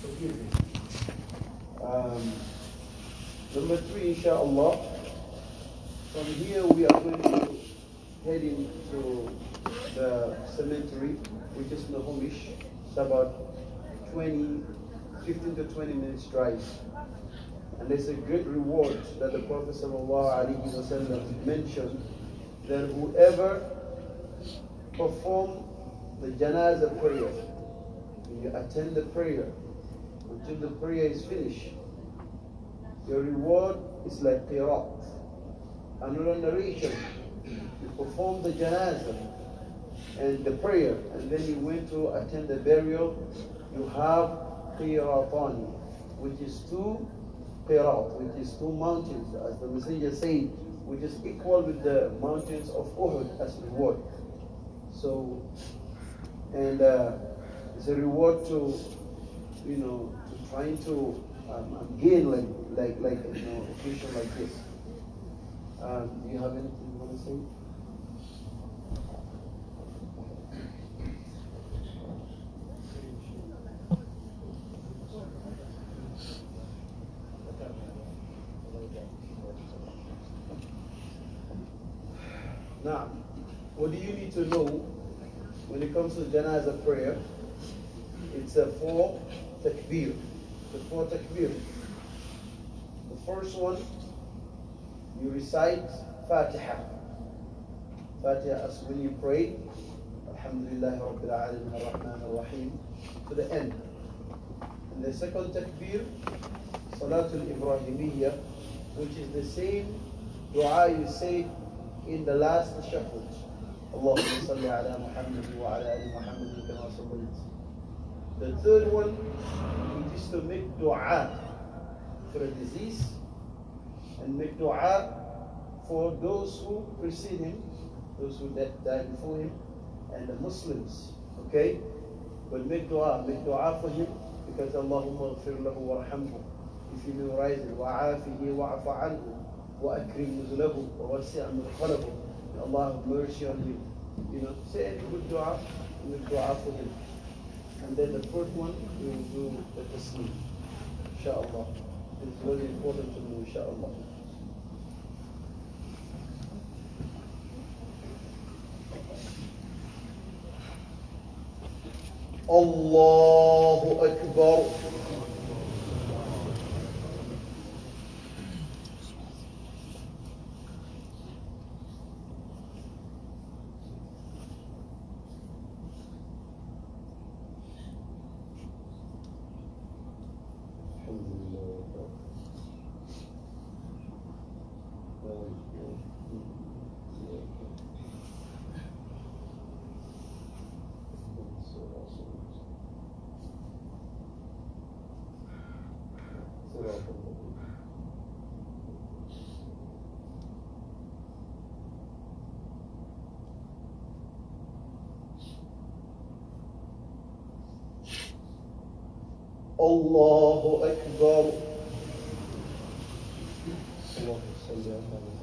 forgive me. Um, number three, inshallah. From here we are going to head into the cemetery, which is Nahumish, It's about 20, 15 to 20 minutes drive. And there's a great reward that the Prophet wasallam mentioned that whoever perform the janazah prayer you attend the prayer until the prayer is finished. Your reward is like qirat. Another narration, you perform the janazah and the prayer, and then you went to attend the burial, you have qiratani, which is two qirat, which is two mountains, as the messenger said, which is equal with the mountains of Uhud as reward. So, and uh, it's a reward to, you know, to trying to um, um gain like, like, like, you know, a position like this. Um, do you have anything you want to say? Now, what do you need to know when it comes to as a prayer it's a four takbir. The four takbir. The first one, you recite Fatiha. Fatiha as when you pray, Alhamdulillah Rabbil Alamin Ar-Rahman Ar-Rahim, to the end. And the second takbir, Salatul Ibrahimiyya, which is the same dua you say in the last shuffle. اللهم صل على محمد وعلى ال محمد كما صليت the third one, it is to make dua for a disease and make dua for those who precede him, those who died before him, and the Muslims. Okay? But make dua, make dua for him because Allahumma ghafir lahu warhamhu. If you memorize it, wa'afihi wa'afa anhu, wa'akrim nuzulahu, wa'wasi'a mudkhalahu. Allah have mercy on you. You know, say any good dua, make dua for him. And then the fourth one, we will do the sleep. Inshallah. It's very important to do, inshallah. الله أكبر الله أكبر الله أكبر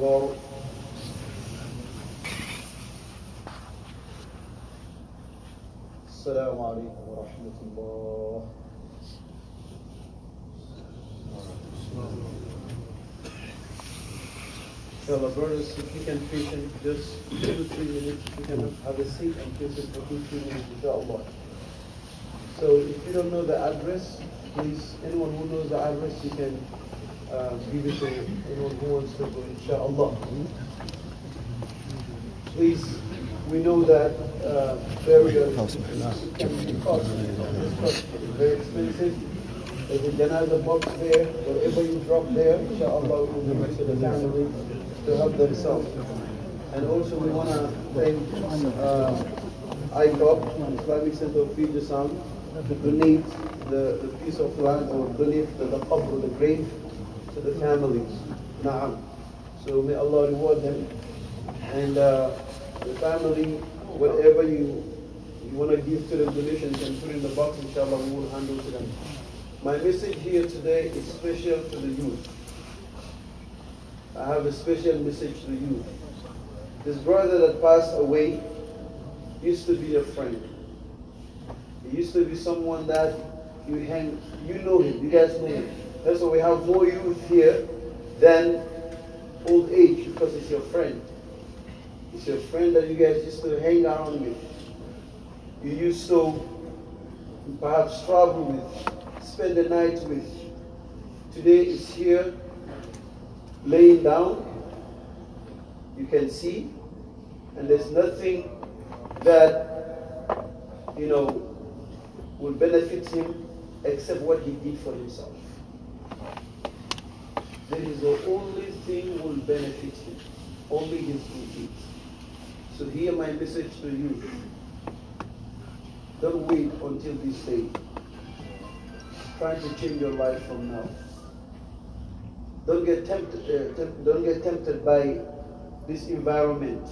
wall. السلام عليكم ورحمة الله Inshallah, brothers, if you can patient just two, three minutes, you can have a seat and patient for two, three minutes, inshallah. So if you don't know the address, please, anyone who knows the address, you can give it to anyone who wants to go, inshallah. Please, we know that uh, burial is very expensive. There's a janaza box there, whatever you drop there, inshallah, will give to the family to help themselves. And also we want to thank uh, ICOP, Islamic Center of Future Sound, to donate the, the piece of land or belief, the, the, the grave families. Na'am. So may Allah reward them. And uh, the family, whatever you, you want to give to them donations and put in the box, inshallah, we will handle to them. My message here today is special to the youth. I have a special message to the youth. This brother that passed away used to be a friend. He used to be someone that you hang, you know him, you guys know him. That's why we have more youth here than old age because it's your friend. It's your friend that you guys used to hang around with. You used to perhaps travel with, spend the night with. Today is here laying down. You can see. And there's nothing that, you know, will benefit him except what he did for himself. That is the only thing will benefit him, only his two feet. So here my message to you. Don't wait until this day. Try to change your life from now. Don't get tempted, uh, temp don't get tempted by this environment.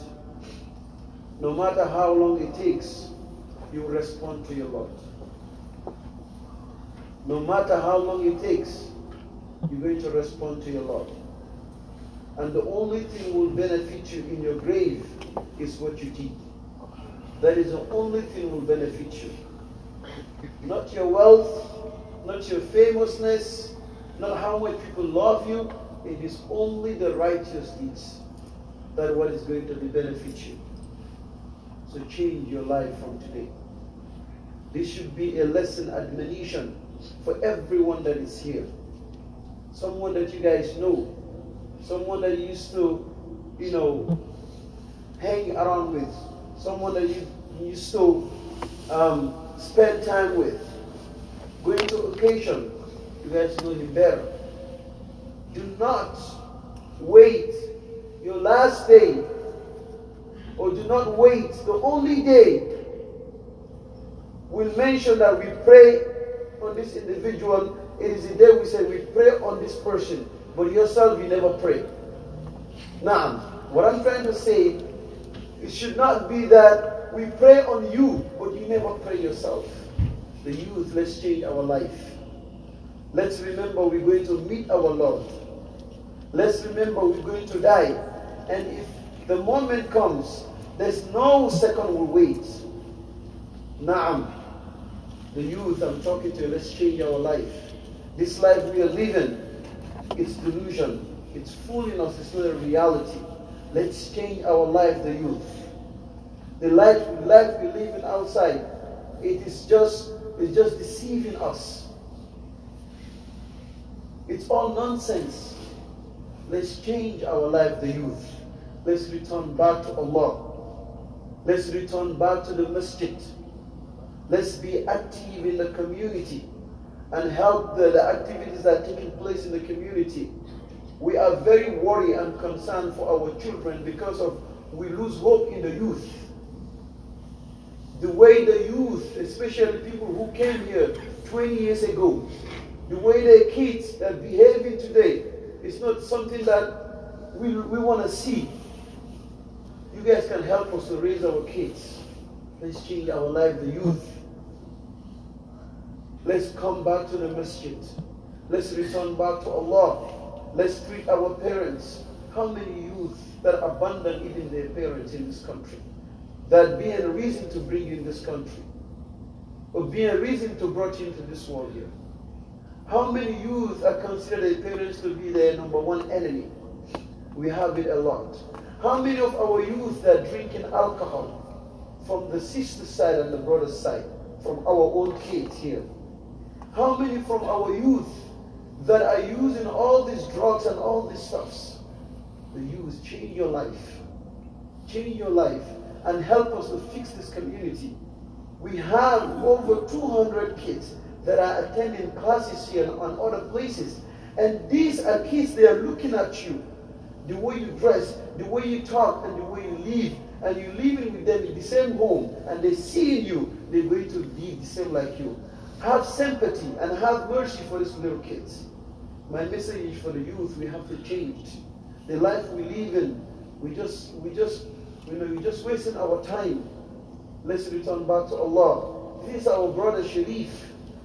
No matter how long it takes, you respond to your Lord. No matter how long it takes, you're going to respond to your Lord. And the only thing will benefit you in your grave is what you did. That is the only thing will benefit you. Not your wealth, not your famousness, not how much people love you. It is only the righteous deeds that what is going to benefit you. So change your life from today. This should be a lesson admonition for everyone that is here someone that you guys know, someone that you used to, you know, hang around with, someone that you, you used to um, spend time with, going to occasion, you guys know him better. Do not wait your last day, or do not wait the only day. We'll mention that we pray on this individual it is the day we say we pray on this person, but yourself you never pray. Now, what I'm trying to say, it should not be that we pray on you, but you never pray yourself. The youth, let's change our life. Let's remember we're going to meet our Lord. Let's remember we're going to die. And if the moment comes, there's no second will wait. Naam. The youth, I'm talking to, let's change our life. This life we are living, it's delusion. It's fooling us. It's not a reality. Let's change our life, the youth. The life, life we live in outside, it is just, it's just deceiving us. It's all nonsense. Let's change our life, the youth. Let's return back to Allah. Let's return back to the masjid. Let's be active in the community and help the, the activities that are taking place in the community. We are very worried and concerned for our children because of we lose hope in the youth. The way the youth, especially people who came here 20 years ago, the way their kids are behaving today is not something that we, we want to see. You guys can help us to raise our kids. Let's change our life, the youth. Let's come back to the masjid. Let's return back to Allah. Let's treat our parents. How many youth that abandon even their parents in this country? That being a reason to bring you in this country. Or be a reason to brought you into this world here. How many youth are considered their parents to be their number one enemy? We have it a lot. How many of our youth are drinking alcohol from the sister side and the brother side, from our own kids here? How many from our youth that are using all these drugs and all these stuffs? The youth, change your life. Change your life and help us to fix this community. We have over 200 kids that are attending classes here and other places. And these are kids, they are looking at you. The way you dress, the way you talk, and the way you live. And you're living with them in the same home. And they see you, they're going to be the same like you have sympathy and have mercy for these little kids. My message is for the youth, we have to change. The life we live in, we just, we just, you know, we just wasting our time. Let's return back to Allah. This is our brother Sharif.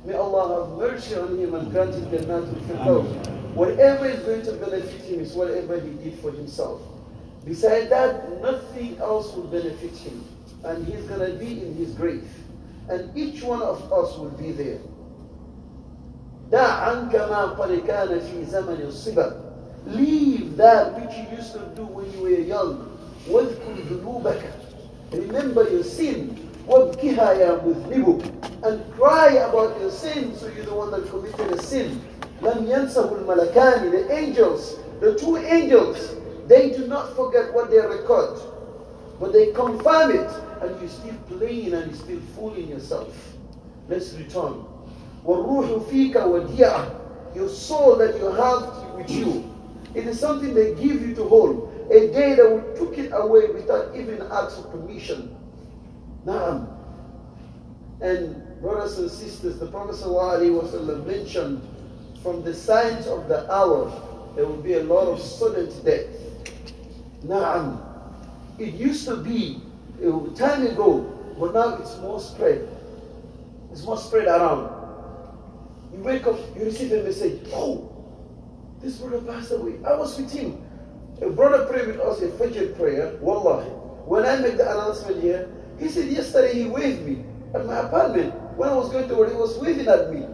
May Allah have mercy on him and grant him Jannatul Firdaus. Whatever is going to benefit him is whatever he did for himself. Besides that, nothing else will benefit him. And he's going to be in his grave. And each one of us will be there. دع عنك ما قد كان في زمن الصبر. Leave that which you used to do when you were young. واذكر ذنوبك. Remember your sin. وابكها يا مذنب. And cry about your sin. So you're the one that committed a sin. لم ينسه الملكان. The angels, the two angels, they do not forget what they record. But they confirm it, and you're still playing and you're still fooling yourself. Let's return. وَالْرُوحُ فِيكَ وَدِيَعَ Your soul that you have with you. It is something they give you to hold. A day that we took it away without even asking permission. Naam. And brothers and sisters, the Prophet ﷺ mentioned from the signs of the hour, there will be a lot of sudden death. Naam. It used to be a time ago, but now it's more spread. It's more spread around. You wake up, you receive a message. Oh, this brother passed away. I was with him. A brother prayed with us a Fajr prayer. Wallahi. When I made the announcement here, he said yesterday he waved me at my apartment. When I was going to work, he was waving at me.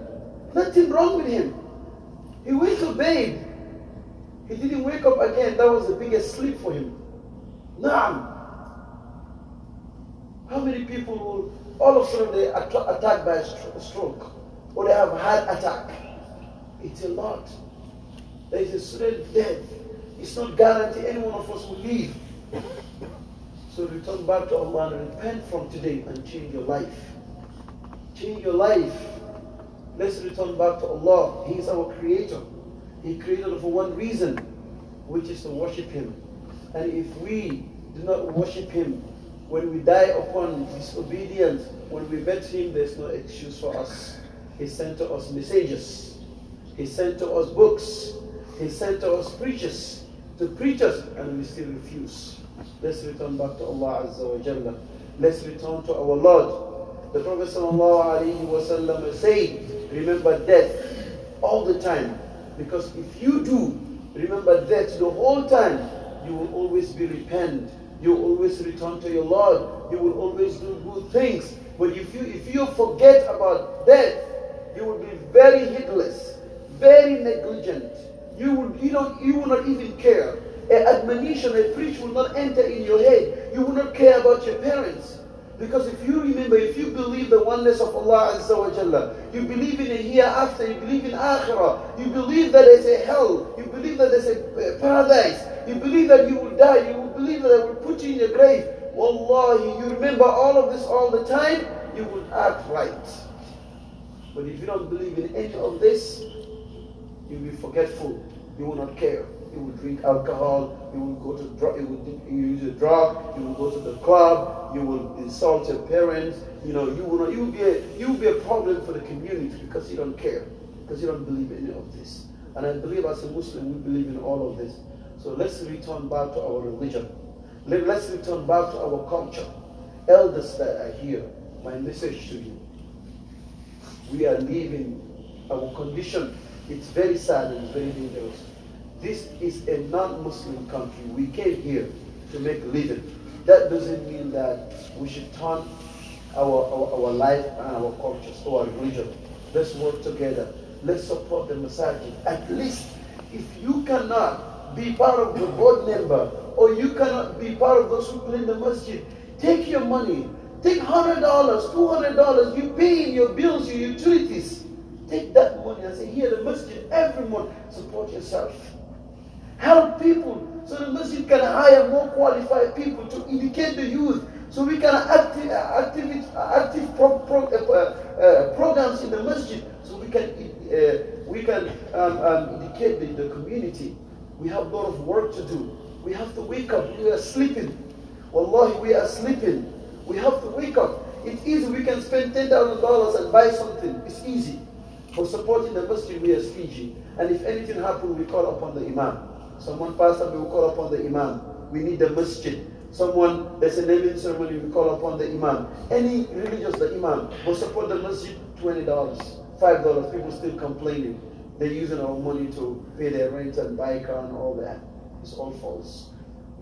Nothing wrong with him. He went to bed. He didn't wake up again. That was the biggest sleep for him. Now, how many people will all of a sudden they are attacked by a stroke or they have heart attack? It's a lot. There is a sudden death. It's not guaranteed any one of us will live. So return back to Allah and repent from today and change your life. Change your life. Let's return back to Allah. He is our creator. He created for one reason, which is to worship Him. And if we do not worship him, when we die upon disobedience, when we met him, there's no excuse for us. He sent to us messages. He sent to us books. He sent to us preachers, to preachers, and we still refuse. Let's return back to Allah Azza wa Jalla. Let's return to our Lord. The Prophet wasallam said, remember death all the time. Because if you do remember death the whole time, you will always be repent you always return to your Lord. You will always do good things. But if you, if you forget about death, you will be very heedless, very negligent. You will, you, don't, you will not even care. An admonition, a preach will not enter in your head. You will not care about your parents. Because if you remember, if you believe the oneness of Allah Azza wa Jalla, you believe in a hereafter, you believe in akhirah, you believe that there's a hell, you believe that there's a paradise, you believe that you will die, you will believer that will put you in your grave. Wallahi, you remember all of this all the time, you will act right. But if you don't believe in any of this, you'll be forgetful. You will not care. You will drink alcohol. You will go to drug. You will use a drug. You will go to the club. You will insult your parents. You know you will not. You will be a, you will be a problem for the community because you don't care because you don't believe in any of this. And I believe as a Muslim we believe in all of this. So let's return back to our religion. Let's return back to our culture. Elders that are here, my message to you. We are leaving our condition. It's very sad and very dangerous. This is a non-Muslim country. We came here to make a living. That doesn't mean that we should turn our, our, our life and our cultures to our religion. Let's work together. Let's support the masajid. At least if you cannot be part of the board member, or you cannot be part of those who clean the masjid. Take your money. Take $100, $200. You pay in your bills, your utilities. Take that money and say, here, the masjid, every month, support yourself. Help people so the masjid can hire more qualified people to educate the youth so we can active, active, uh, uh, active pro, pro, uh, uh, programs in the masjid so we can, uh, we can um, um, educate the, the community. We have a lot of work to do. We have to wake up. We are sleeping. Wallahi, we are sleeping. We have to wake up. It's easy. We can spend $10,000 and buy something. It's easy. For supporting the mosque. we are stingy. And if anything happens, we call upon the imam. Someone passed away, we call upon the imam. We need the masjid. Someone, there's a naming ceremony, we call upon the imam. Any religious, the imam, will support the masjid $20, $5. People still complaining. They're using our money to pay their rent and buy a car and all that. It's all false.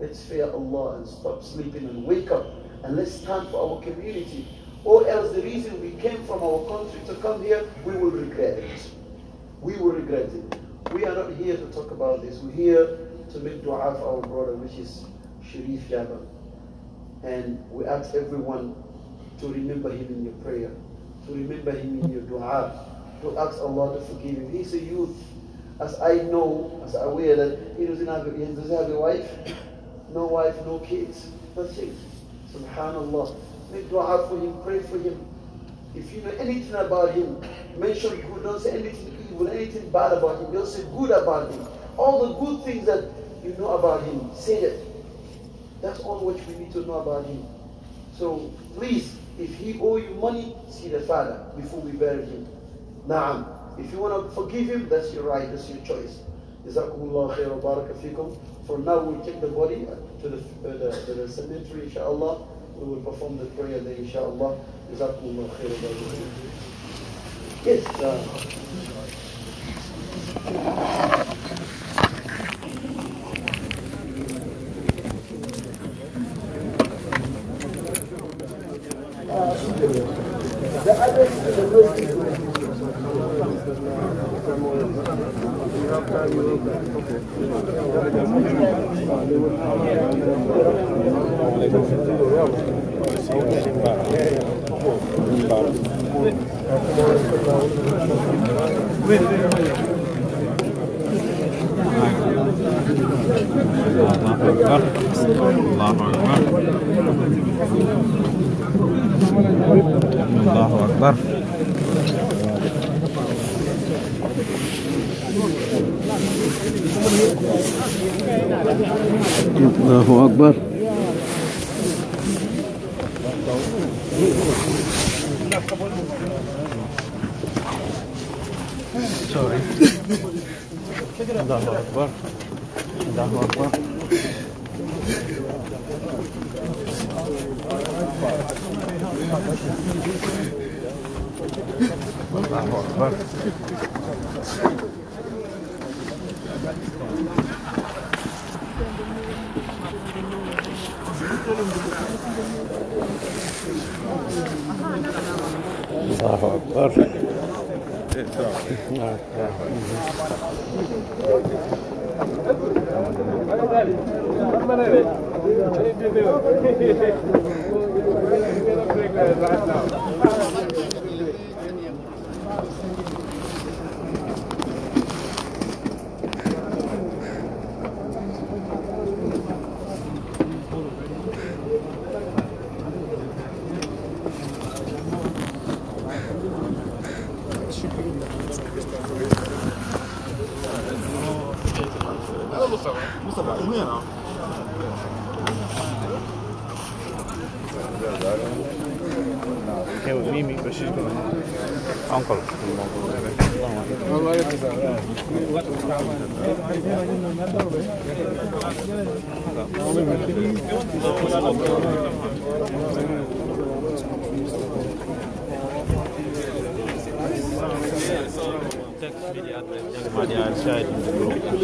Let's fear Allah and stop sleeping and wake up and let's stand for our community. Or else the reason we came from our country to come here, we will regret it. We will regret it. We are not here to talk about this. We're here to make dua for our brother, which is Sharif Yaba. And we ask everyone to remember him in your prayer, to remember him in your dua, to ask Allah to forgive him. He's a youth. As I know, as I'm aware that he doesn't have, he doesn't have a wife, no wife, no kids, nothing. Subhanallah. Make dua for him, pray for him. If you know anything about him, mention good, don't say anything evil, anything bad about him, don't say good about him. All the good things that you know about him, say that. That's all what we need to know about him. So please, if he owe you money, see the father before we bury him. Naam. If you want to forgive him, that's your right, that's your choice. Jazakumullah baraka fikum. For now, we take the body to the, uh, the, the cemetery, inshallah. We will perform the prayer there, inshallah. Jazakumullah baraka fikum. Yes. Uh, uh, the other the الله أكبر الله أكبر الله أكبر Sorry. الله أكبر الله أكبر الله أكبر Allahu Akbar. Evet, tamam. Evet, evet. uncle. Text media, text media, and share it with the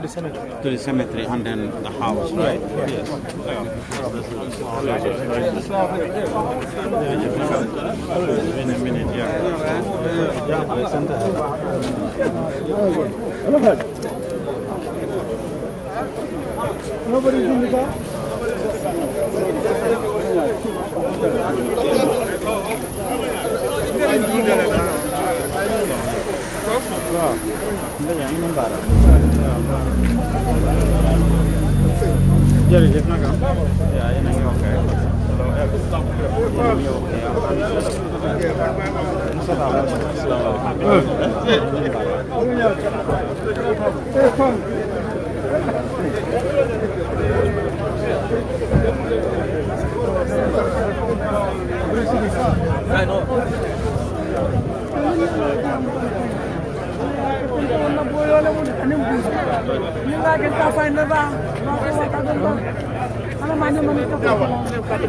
to the cemetery. To the cemetery and then the house, right? Yeah. Yes. In a minute, yeah. Yeah. Yeah. Yeah. Yeah. Yeah. jërëjëf naka yaa yéen a ngi wax rek loolu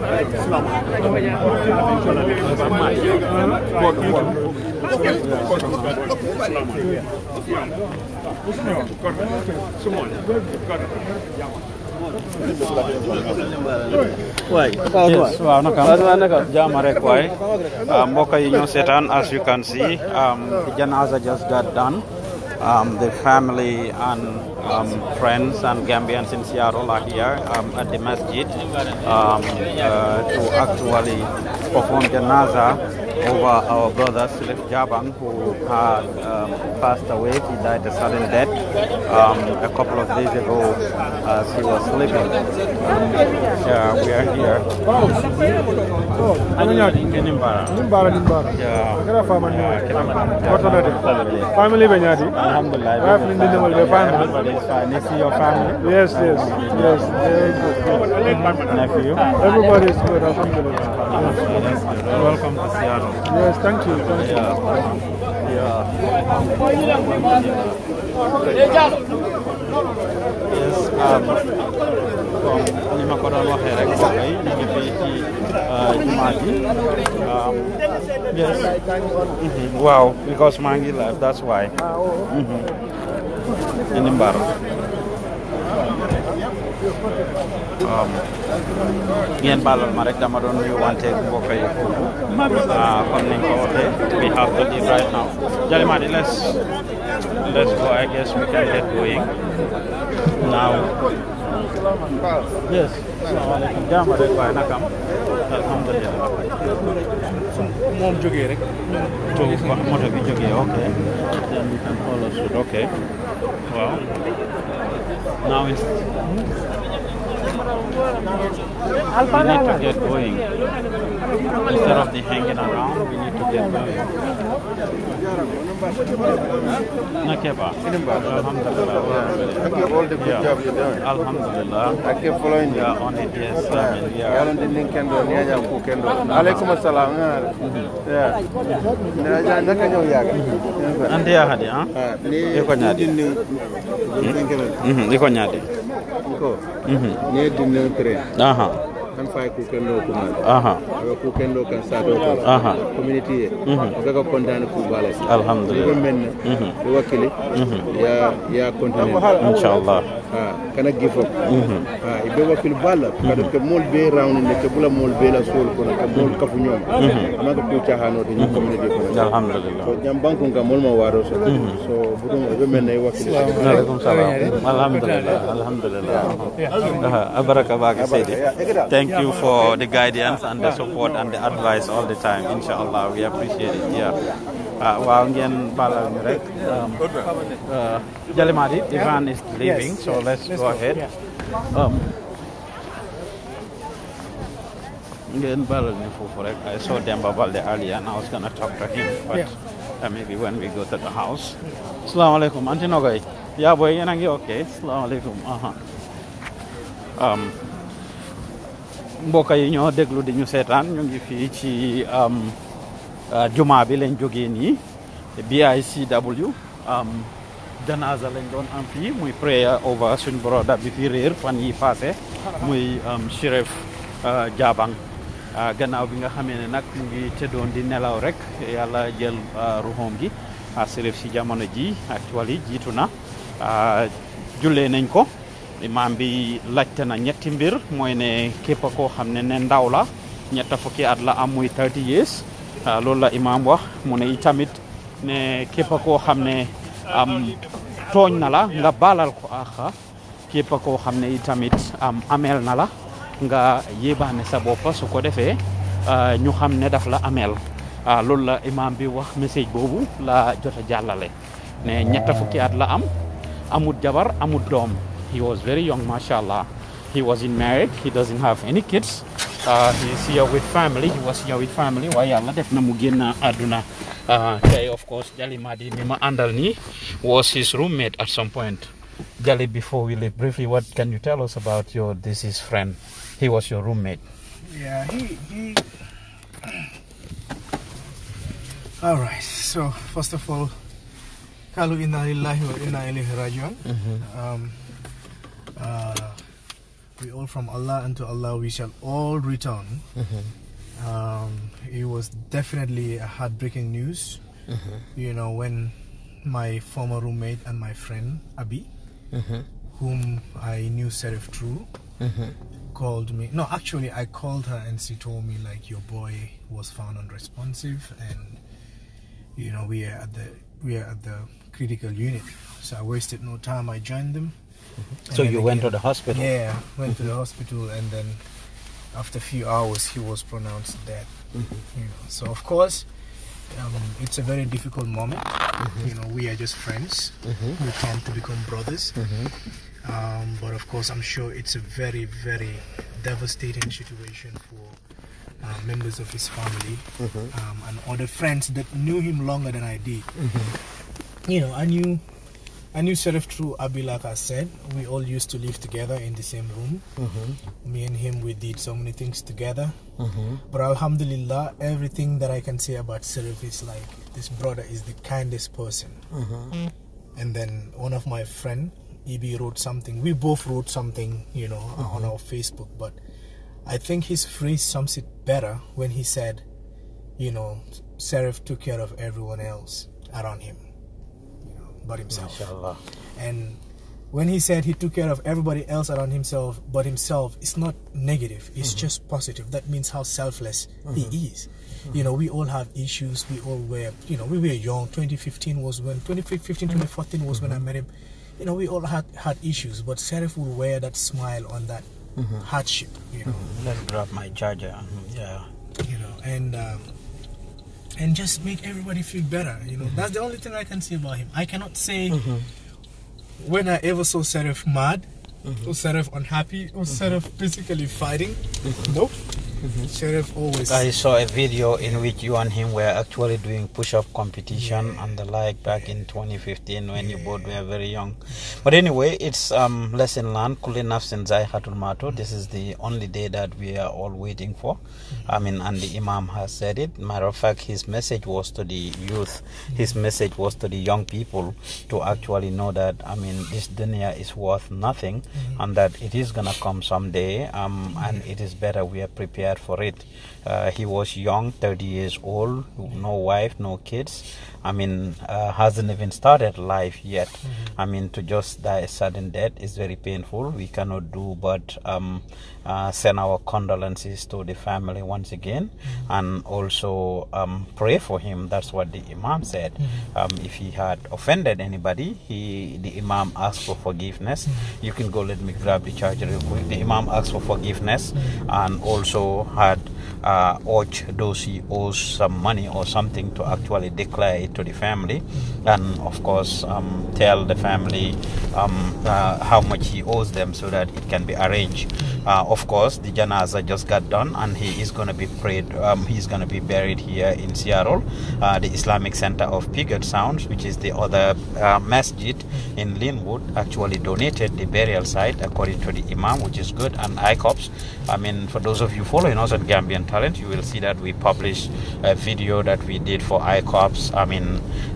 Yes, rek waay mbokk yi ñoo seetaan as you can see um, the janaza just got done um, the family and um, friends and Gambians in Seattle are here um, at the masjid um, uh, to actually perform janaza over our brother Silif Jaban who had um, passed away. He died a sudden death um, a couple of days ago as he was sleeping. Yeah, we are here. Oh. Nimbara. Nimbara, Nimbara. Yeah. Yeah, What are they? Family. Family benyadi. Alhamdulillah. I have been in the family. Is your family? Yes, yes, yes. Nephew. Everybody is good. Alhamdulillah. Welcome to Seattle. Yes, thank you. Thank you. Wow, Yes, um, comme li ma ko yes because maa live that's why mhm. ini ngeen um, baalal ma rek dama doon nuyuwante mbokk uh, yi comme ni ko waxee we have to leave right now Jalimadi let's let's go I guess we can get going now yes salaamaaleykum jaama rek waaye nakam alhamdulilah moom jógee rek jóge moto bi jógee ok then we can follow suit ok waaw now We need to get going. Instead of the hanging around, we need to get going. Alhamdulillah. All the job you done. Alhamdulillah. I keep following you. on it, yes. Yeah. Alaikum assalam. Yeah. Na ja na kanyo yaga. ya hadi, ha? Ni ko देखो ये दुनिया हाँ हाँ fay ku kendo ku mal aha ko ku kendo kan sa do aha community ye o ga ko kontane ku bala alhamdulillah ko men ko wakili mhm. ya ya kontane inshallah ha kana gifo mhm. ha ibe wakil bala mhm. kada ke mol be round ne ke bula mol be la sol ko ka mol ka fu nyom ma ko ku cha hano de community ko alhamdulillah so jam banko ga mol ma waro so so budum ibe men ne wakili alaikum salam alhamdulillah alhamdulillah abaraka baka sayyidi thank you you for the guidance and the support and the advice all the time inshallah we appreciate it yeah uh, waaw ngeen baalal ñu rek um, uh, Jalimadi Ivan is leaving so let's go ahead um, ngeen baalal ñu foofu rek I saw Demba Balde earlier and I was gonna talk to him but uh, maybe when we go to the house asalaamaaleykum Antinogai. Yeah, boy, booy yéen a ngi ok asalaamaaleykum uh-huh. um, mbokk yi ñoo déglu di ñu seetaan ñoo ngi fii ci euh, juma bi lañ jógee nii BICW janaza lañ doon am fii muy prayer over suñ broda bi fi réer fan yi passé muy Sheriff Jaabang euh, euh, gannaaw bi nga xamee ne nag mu ngi tëddoon di nelaw rek yàlla jël ruxoom gi Sheriff ah, si jamono ji actually jiitu na ah, jullee nañ ko imaam bi laajte na ñetti mbir mooy ne képp koo xam ne ne ndaw la ñetta fukki at la am muy 30 years ah, loolu la imaam wax mu ne itamit ne képp koo xam ne am tooñ na la nga baalal ko àq képp koo xam ne tamit am ameel na la nga yébaane sa bopp su ko defee ah, ñu xam ne daf la ameel ah, loolu la imaam bi wax message boobu la jot a jàllale ne ñetta fukki at la am amut jabar amut doom He was very young, mashallah. He was in married. He doesn't have any kids. Uh, he's here with family. He was here with family. Why Allah def na aduna? génn uh, of course Jali Madi mi ma was his roommate at some point. Jali before we leave briefly what can you tell us about your this is friend. He was your roommate. Yeah, he he. All right. So first of all, kalu inna lillahi wa uh, we all from Allah and to Allah we shall all return. Mm-hmm. Um, it was definitely a heartbreaking news. Mm-hmm. You know when my former roommate and my friend Abi, mm-hmm. whom I knew Serif True, mm-hmm. called me. No, actually I called her and she told me like your boy was found unresponsive and you know we are at the we are at the critical unit. So I wasted no time. I joined them. Mm-hmm. So you went again, to the hospital? Yeah, went to the hospital, and then after a few hours, he was pronounced dead. Mm-hmm. You know, so of course, um, it's a very difficult moment. Mm-hmm. You know, we are just friends. We tend to become brothers. Um, but of course, I'm sure it's a very, very devastating situation for uh, members of his family mm-hmm. um, and other friends that knew him longer than I did. Mm-hmm. You know, I knew and you, Sheriff True Abi, like I said. We all used to live together in the same room. Mm-hmm. Me and him, we did so many things together. Mm-hmm. But Alhamdulillah, everything that I can say about Sheriff is like this brother is the kindest person. Mm-hmm. Mm. And then one of my friend, EB, wrote something. We both wrote something, you know, mm-hmm. on our Facebook. But I think his phrase sums it better when he said, you know, Serif took care of everyone else around him but himself. Inshallah. And when he said he took care of everybody else around himself but himself, it's not negative, it's mm-hmm. just positive. That means how selfless mm-hmm. he is. Mm-hmm. You know, we all have issues, we all were, you know, we were young. 2015 was when, 2015, mm-hmm. 2014 was when I mm-hmm. met him. You know, we all had, had issues, but Serif will wear that smile on that mm-hmm. hardship, you know. Let's grab my charger. Yeah. You know, and. Um, and just make everybody feel better. You know, mm-hmm. that's the only thing I can say about him. I cannot say mm-hmm. when I ever saw Seraph mad, mm-hmm. or Seraph unhappy, or mm-hmm. Seraph physically fighting. Mm-hmm. Nope. Mm-hmm. Sheriff always. I saw a video in which you and him were actually doing push-up competition yeah. and the like back in 2015 when yeah. you both were very young. But anyway, it's um, lesson learned. Kulli nafsin zaihatul mato. Mm-hmm. This is the only day that we are all waiting for. Mm-hmm. I mean, and the Imam has said it. Matter of fact, his message was to the youth. His mm-hmm. message was to the young people to actually know that I mean, this dunya is worth nothing, mm-hmm. and that it is gonna come someday. Um, and it is better we are prepared prepared for it uh, he was young, 30 years old, no wife, no kids. I mean, uh, hasn't even started life yet. Mm-hmm. I mean, to just die a sudden death is very painful. We cannot do but um, uh, send our condolences to the family once again mm-hmm. and also um, pray for him. That's what the Imam said. Mm-hmm. Um, if he had offended anybody, he the Imam asked for forgiveness. Mm-hmm. You can go, let me grab the charger real quick. The Imam asked for forgiveness mm-hmm. and also had uh, does those he owes some money or something to actually declare it to the family and of course um, tell the family um, uh, how much he owes them so that it can be arranged uh, of course the janaza just got done and he is going to be prayed um, he's going to be buried here in Seattle uh, the Islamic Center of Pigot Sounds which is the other uh, masjid in Linwood actually donated the burial site according to the imam which is good and ICOPS I mean for those of you following us at Gambian talent you will see that we publish a video that we did for iCops. I mean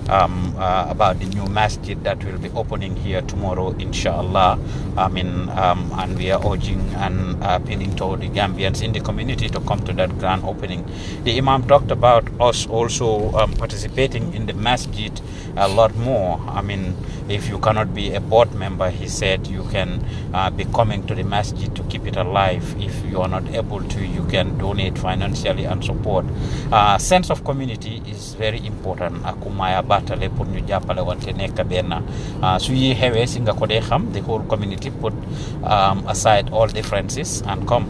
um, uh, about the new masjid that will be opening here tomorrow, inshallah. I mean, um, and we are urging and uh, appealing to all the Gambians in the community to come to that grand opening. The Imam talked about us also um, participating in the masjid a lot more. I mean, if you cannot be a board member, he said, you can uh, be coming to the masjid to keep it alive. If you are not able to, you can donate financially and support. Uh, sense of community is very important. Akumaya baatale pour ñu jàppale wante nekk benn ah, su yi xewee si nga ko dee xam the whole community put um, aside all differences and come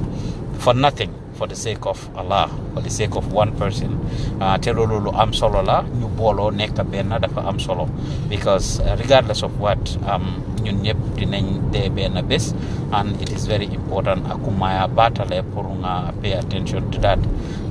for nothing for the sake of Allah for the sake of one person ah, te am solo la ñu booloo nekk benn dafa am solo because uh, regardless of what um, ñun ñëpp dinañ dee benn bés and it is very important Akumaya maya baatale pay attention to that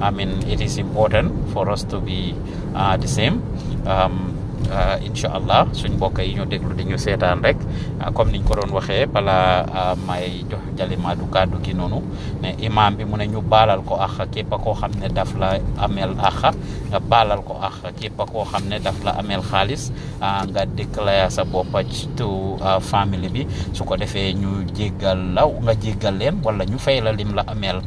I mean it is important for us to be uh, the same um, Euh, incha allah suñ mbokk yi ñu déglu di ñu seetaan rek euh, comme niñ ko doon waxee balaa euh, may jox jalimaatu kàddu ki noonu ne imaam bi mu ne ñu baalal ko ax képp koo xam ne daf la ameel ax ko ax képp koo xam ne daf la ameel xaalis nga déclare sa bopp ci tu famille bi su ko defee ñu jéggal law nga jéggal leen wala ñu fay la lim la ameel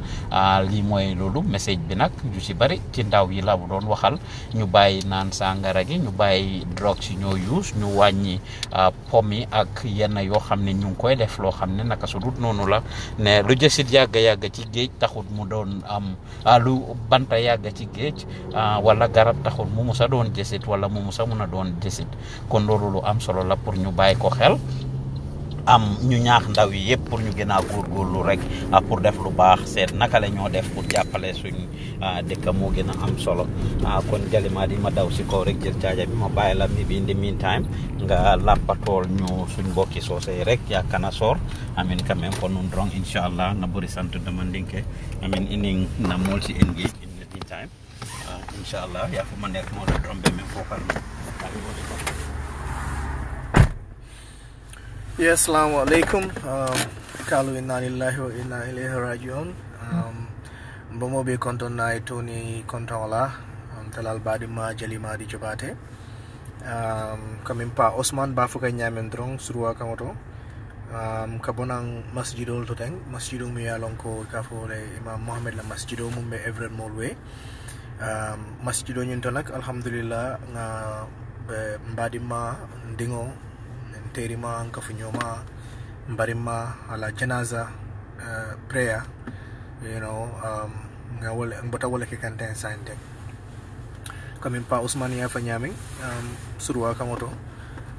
lii mooy loolu message bi nag ñu ci bari ci ndaw yi la doon waxal ñu bàyyi naan sàngara gi ñu bàyyi drogue ci ñoo use ñu wàññi ah, pom yi ak yenn yoo xam ne ñu ngi koy def loo xam ne naka su noonu la ne lu jësit yàgg yàgg ci géej taxut mu doon am ah, lu banta yàgg ci géej ah, wala garab taxut mu musa doon jësit wala mu musa mun a doon jësit kon loolu lu am solo la pour ñu bàyyi ko xel am ñu ñaax ndaw yi yëpp ñu gën a góorgóorlu rek ah, pour def lu baax seet naka la ñoo def pour jàppale suñ ah, dëkk moo gën a am solo ah, kon Jalima di ma daw si kaw rek jël caaja bi ma bàyyi la mi bi in the meantime nga làppatool ñu suñ mbokki soosey rek yaa kana soor amin quand même ko nun dron allah na bëri sant dama ndinke amin ini na mool si engage in the meantime inchallah yaa fu ma nekk moo la dron be men foofal amin Ya, assalamualaikum. Um, kalau kalu inna lillahi wa inna ilaihi rajiun. Um, bomo be konton itu ni konton la um, talal badi ma jali ma di jobate. Um, kami pa Osman ba fuka suruh drong surwa kamoto. Um, kabonang masjidul to teng masjidung mi along ko kafu le imam Muhammad la masjidung mum be Everett Molwe. Um, masjidol nyun alhamdulillah nga badi mbadi ma dingo. terima kafunyoma mbarima ala janaza uh, prayer you know um nga wala ang bata wala kikanten sa hindi kami pa Usmania fanyaming um, surwa kamoto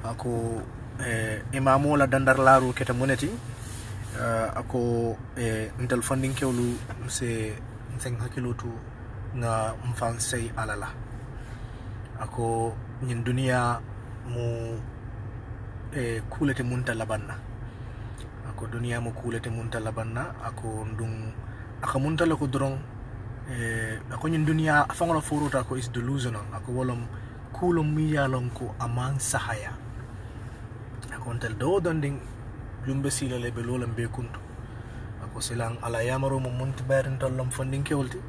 ako eh, imamu la dandar laru keta muneti uh, ako eh, ndal funding kewlu mse mseng hakilutu nga mfansei alala ako nyin dunia mu Eh, kuulete munta labanna ako duniya mo kuulete munta labanna ako ndun aka muntala ko doron eh, ako ñin duniya a faŋola forota ko is delusional ako wolom kuulo mi ko a maŋ sahaya ako ntel dowo dondiŋ jumbe siila le be loolam bee kuntu ako silaŋ ala yamaro mo munti bayirintol lom fondinkewol ti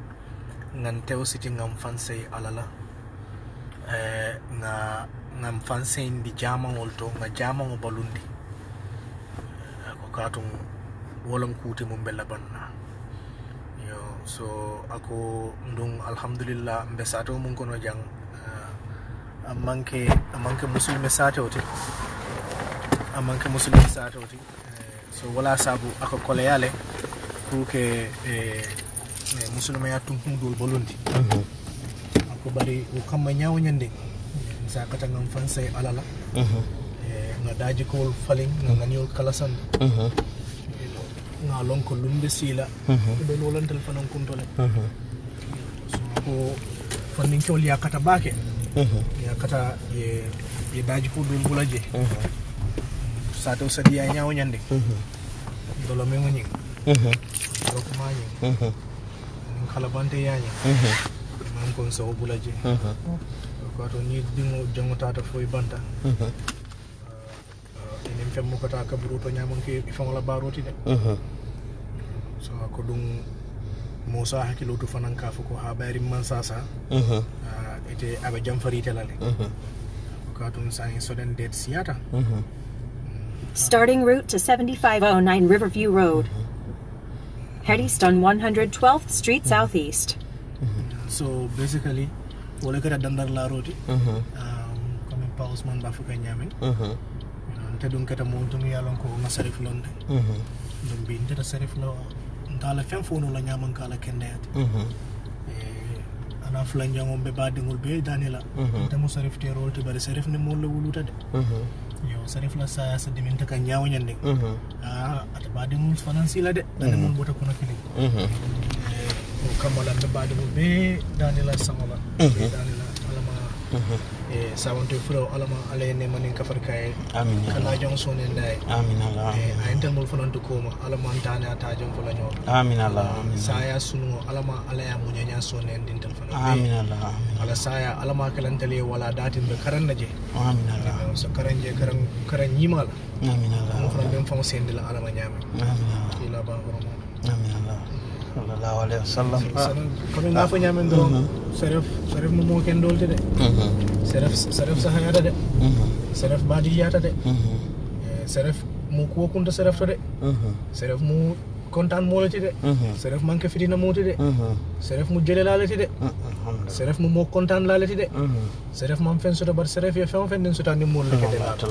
ŋan tewo siti ŋan fansey ala la eh, nga ngam fanseinde jamawol to nga jamawo balunde ko katum wolonkuute mum be labanna yo so ako ndun alhamdulillah mbe sato mum kono jang eh, amanke amanke musulme satewte amanke musulme satewte eh, so wala saabu ako koleyale kuke e eh, que ya tum humdol balundi mhm. ako bari o kamma ñawoñande fan say alala mhm. eh, nga dajikowol falin nga ganiyol kalasande nga mhm. lon ko lumbe siila ɗon wolantel fanan kuntole ko fanninkewol yakata baake mhm. yakata ye daji ko ɗum bula je sa tew sadi ya ñawo ñande dolo mengo ñing dokuma ñing kala bante yaña man kon sowo bula je kato ni tata foi banta so musa fanan ko abe jamfari telale kato soden det Starting route to 7509 Riverview Road. Mhm. Head east on 112th Street mhm. Southeast. Mhm. So basically, wolekata dandar laaroti mhm. komin pa ousmane bafuka ñaamen te ɗum kata mo tum yalon ya, ko na sarif londe mhm. ɗum mbi ndeta sarif lo ndaala fem fof no la ñaaman kaala kendeyata mhm. eh, ana fula jangonɓe badingol be danila demo sarif terol te bari sarif ne molla wuluta ya, de yo sarif la saya sediminta ka ñawoñande a ah, ata badingol fanan sila de dane mon ɓota kono kili o kama la mbe baade be daanila sango la mhm. danila alama e sawanto fulo alama ala ne manin kafar kay amin kala jong sone nday amin allah ay tan mul fulon to alama ntane ata jong fulo nyo amin allah saya sunu alama ala ya munya nya sone din tan fulo eh, amin allah ala saya alama kalantale wala datin be karan naje amin allah eh, so karan je karan karan yimal amin allah mo fulon ben fon sendila alama nyame amin allah ila ba amin allah sallallahu alaihi wasallam kami na fa ñamen do seref seref mo mo ken dolde de seref seref sahayata de seref badiyata de seref mo ko kunta seref to de seref mo k o n t a n m o la t i de s e ref m a n k u e fitina m o ti de s e ref mu j e l e laa la ci de s e ref mu moo k o n t a n laa la ci de s e ref mam fen soto bar s e ref y a fen fen d i n s u t a ni m o l leke de laata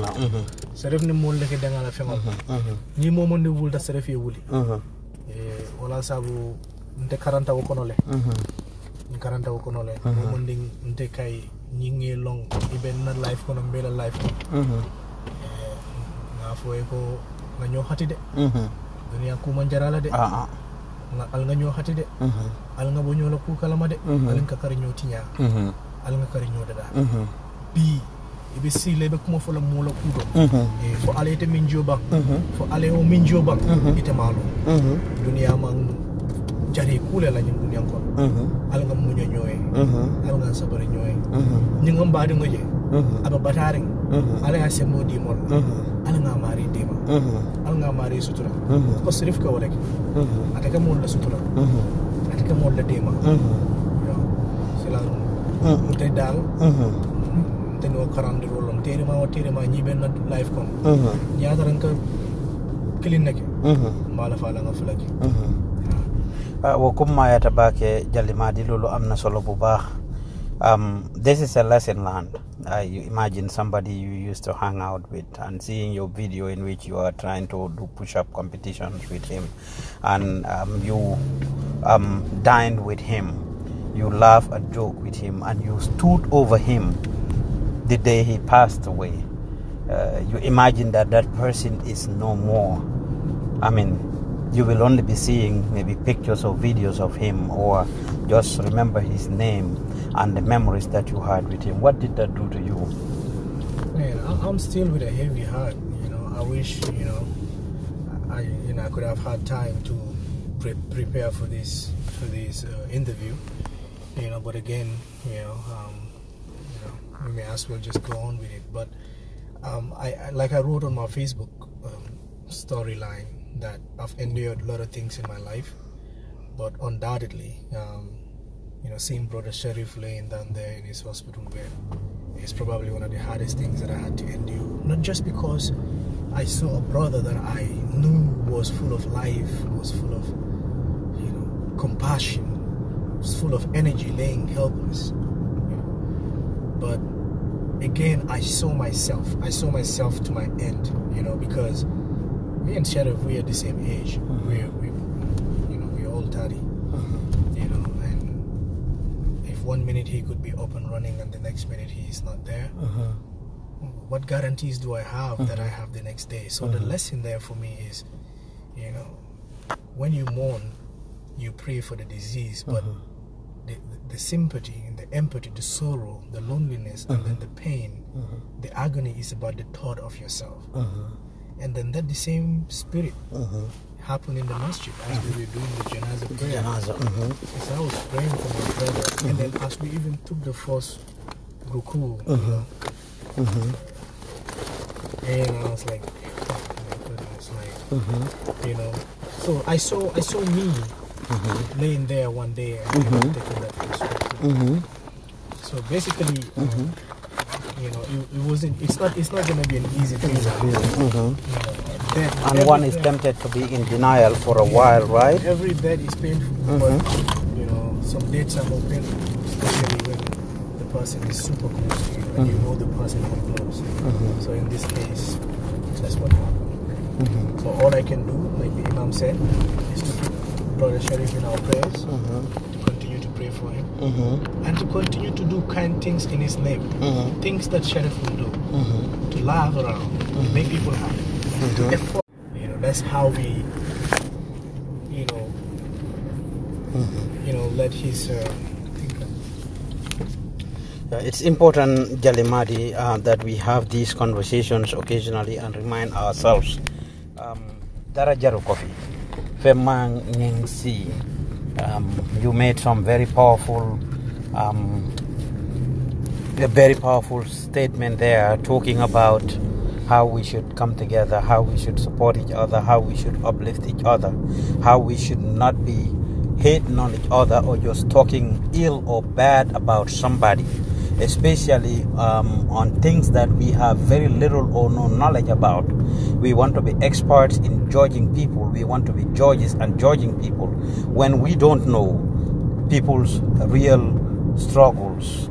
s e ref ni m o l leke de nga la f e n a l ni momo ni wul da s e ref ye wuli wala sabu nte karantawo kono le n karantawo kono le momo ndin nte kay mhm. ñinge long i be na life kono mbe la life kono mhm. eh, nga fo ko nga ñoo xati de duniya mhm. kuma jarala de ah, ah. al nga ñoo hati de al nga bo ñoo la ku kalama de al nga kar ñoo tiña al nga kar ñoo dada bi i be sila i be kuma eh, fo la moo la kuu fo ala ite min jio baŋ fo ale o min jio baŋ ite maa lɔ duniya Jadi kule la nyung nyang ko uh-huh. al nga munyo nyoy uh-huh. al nga sabar nyoy uh-huh. nyung ngam badu ngoje aba bataring ala ya semo di mor al nga mari di ma al nga mari sutura ko sirif ka wala ki ata ka mol la sutura ata ka mol la dal hmm, mutai no di rolom tere ma tere ma nyi ben life kom nyaata ran ka clean mala fa la nga fulaki Uh, tabake lulu amna solo um, this is a lesson learned. Uh, you imagine somebody you used to hang out with and seeing your video in which you are trying to do push-up competitions with him, and um, you um, dined with him, you laugh a joke with him, and you stood over him the day he passed away. Uh, you imagine that that person is no more. I mean, you will only be seeing maybe pictures or videos of him or just remember his name and the memories that you had with him. What did that do to you? Man, I'm still with a heavy heart. You know, I wish you know, I you know I could have had time to pre prepare for this for this uh, interview. You know, but again, you know, um, you know, we may as well just go on with it. But um, I, like I wrote on my Facebook um, storyline that I've endured a lot of things in my life, but undoubtedly, um, you know, seeing Brother Sheriff laying down there in his hospital bed is probably one of the hardest things that I had to endure. Not just because I saw a brother that I knew was full of life, was full of, you know, compassion, was full of energy, laying helpless, but again i saw myself i saw myself to my end you know because me and Sheriff, we are the same age. Uh -huh. We're, we, you know, we're all 30. Uh -huh. You know, and if one minute he could be up and running and the next minute he is not there, uh -huh. what guarantees do I have that I uh-huh. have the next day? So the uh-huh. lesson there for me is, you know, when you mourn, you pray for the disease, but uh-huh. the, the sympathy and the empathy, the sorrow, the loneliness, and then the pain, the agony is about the thought of yourself. And then that the same spirit uh-huh. happened in the masjid as we were doing the janaza prayer. Janaza. Uh-huh. As I was praying for my brother, uh-huh. and then uh-huh. as we even took the first ruku, uh-huh. uh-huh. and I was like, oh my goodness, like, uh-huh. you know. So I saw, I saw me uh-huh. laying there one day and uh-huh. taking that first perspective. Uh-huh. So basically. Uh, you know, it, it, wasn't. It's not. It's not going to be an easy thing. Mm-hmm. You know, mm-hmm. and one is tempted to be in denial for a yeah, while, right? Every bed is painful, mm-hmm. but you know, some dates are more painful, especially when the person is super close to you and mm-hmm. you know the person from close. Mm-hmm. So in this case, that's what happened. Mm-hmm. So all I can do, like the Imam said, is to keep Brother Sharif in our prayers for him mm-hmm. and to continue to do kind things in his name. Mm-hmm. Things that Sheriff will do mm-hmm. to laugh around, to mm-hmm. make people happy. Mm-hmm. You know, that's how we, you know, mm-hmm. you know, let his. Uh, it's important, Jalimadi, uh, that we have these conversations occasionally and remind ourselves. Um, Darajaru Coffee, Femang Nyingsi. Um, you made some very powerful, um, a very powerful statement there, talking about how we should come together, how we should support each other, how we should uplift each other, how we should not be hating on each other or just talking ill or bad about somebody especially um, on things that we have very little or no knowledge about. We want to be experts in judging people. We want to be judges and judging people when we don't know people's real struggles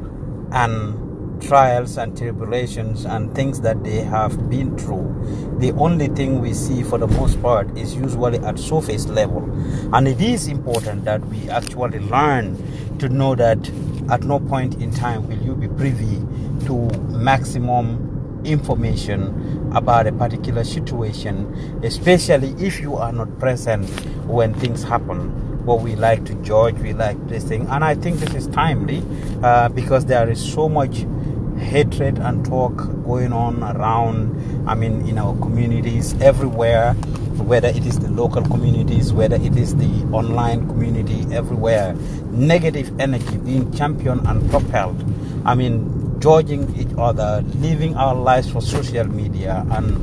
and trials and tribulations and things that they have been through the only thing we see for the most part is usually at surface level and it is important that we actually learn to know that at no point in time will you be privy to maximum information about a particular situation, especially if you are not present when things happen. What we like to judge, we like this thing, and I think this is timely uh, because there is so much hatred and talk going on around. I mean, in our communities everywhere whether it is the local communities, whether it is the online community, everywhere. Negative energy being championed and propelled. I mean, judging each other, living our lives for social media, and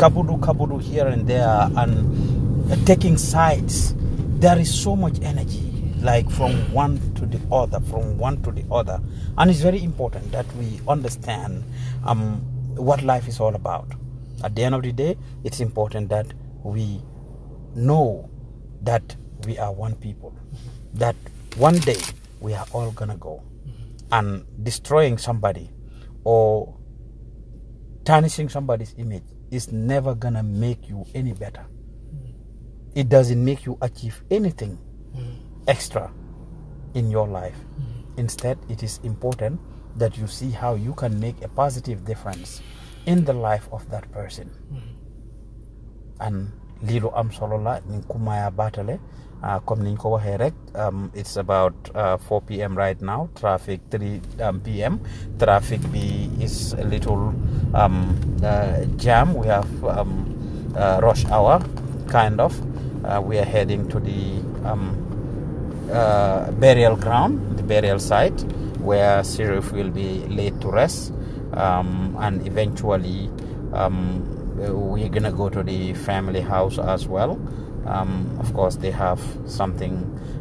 kabudu kabudu here and there, and taking sides. There is so much energy, like from one to the other, from one to the other. And it's very important that we understand um, what life is all about. At the end of the day, it's important that we know that we are one people, that one day we are all gonna go. And destroying somebody or tarnishing somebody's image is never gonna make you any better. It doesn't make you achieve anything extra in your life. Instead, it is important that you see how you can make a positive difference in the life of that person mm -hmm. and Lilo am solo la ni kumaya batale comme ah, niñ ko rek um, it's about uh, 4 p.m. right now traffic 3 um, p.m. traffic bi is a little um, uh, jam we have um, uh, rush hour kind of uh, we are heading to the um, uh, burial ground the burial site where Sirif will be laid to rest um, and eventually um, we're gonna go to the family house as well. Um, of course, they have something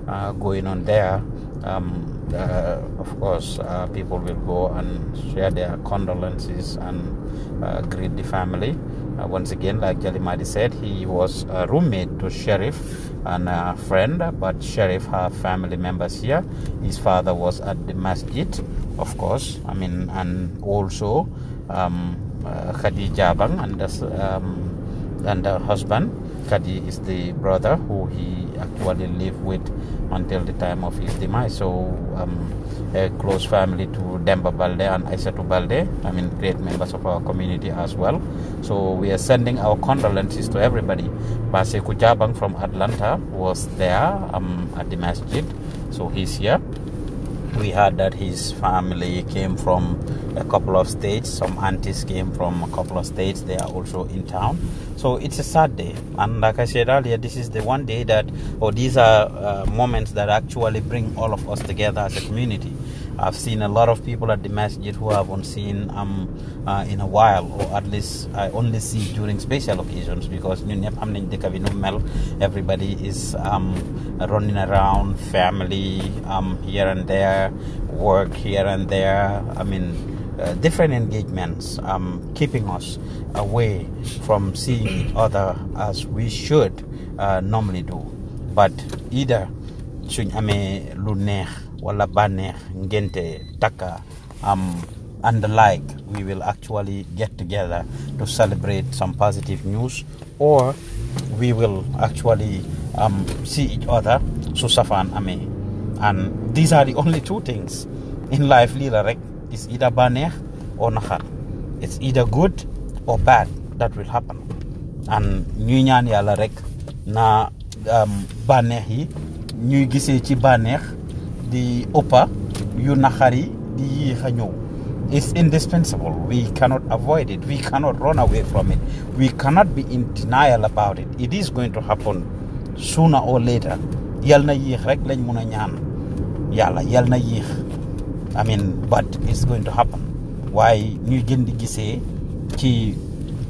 uh, going on there. Um, uh, of course, uh, people will go and share their condolences and uh, greet the family. Uh, once again, like Jalimadi said, he was a roommate to Sheriff and a friend, but Sheriff had family members here. His father was at the masjid, of course, I mean, and also um, uh, Khadija Bang and, um, and her husband. Kadi is the brother who he actually lived with until the time of his demise. So, um, a close family to Demba Balde and Aisatu Balde. I mean, great members of our community as well. So, we are sending our condolences to everybody. Base Kujabang from Atlanta was there um, at the masjid. So, he's here we heard that his family came from a couple of states some aunties came from a couple of states they are also in town so it's a sad day, and like I said earlier, this is the one day that, or these are uh, moments that actually bring all of us together as a community. I've seen a lot of people at the masjid who I haven't seen um, uh, in a while, or at least I only see during special occasions because everybody is um, running around, family um, here and there, work here and there. I mean, uh, different engagements um, keeping us away from seeing each other as we should uh, normally do but either suñ amé lu neex wala bànneex ngente taka, um, and the like we will actually get together to celebrate some positive news or we will actually um, see each other so safan amé and these are the only two things in life lii is either baner or nahar. It's either good or bad that will happen. And ñuy ñaan yàlla rek na um, bànneex yi ñuy gisee ci The di ëppa yu naxar yi di yéex ñëw it's indispensable we cannot avoid it we cannot run away from it we cannot be in denial about it it is going to happen sooner or later yal na rek lañ mun a ñaan yàlla yal na I mean but it's going to happen waaye ñuy gën di gisee ci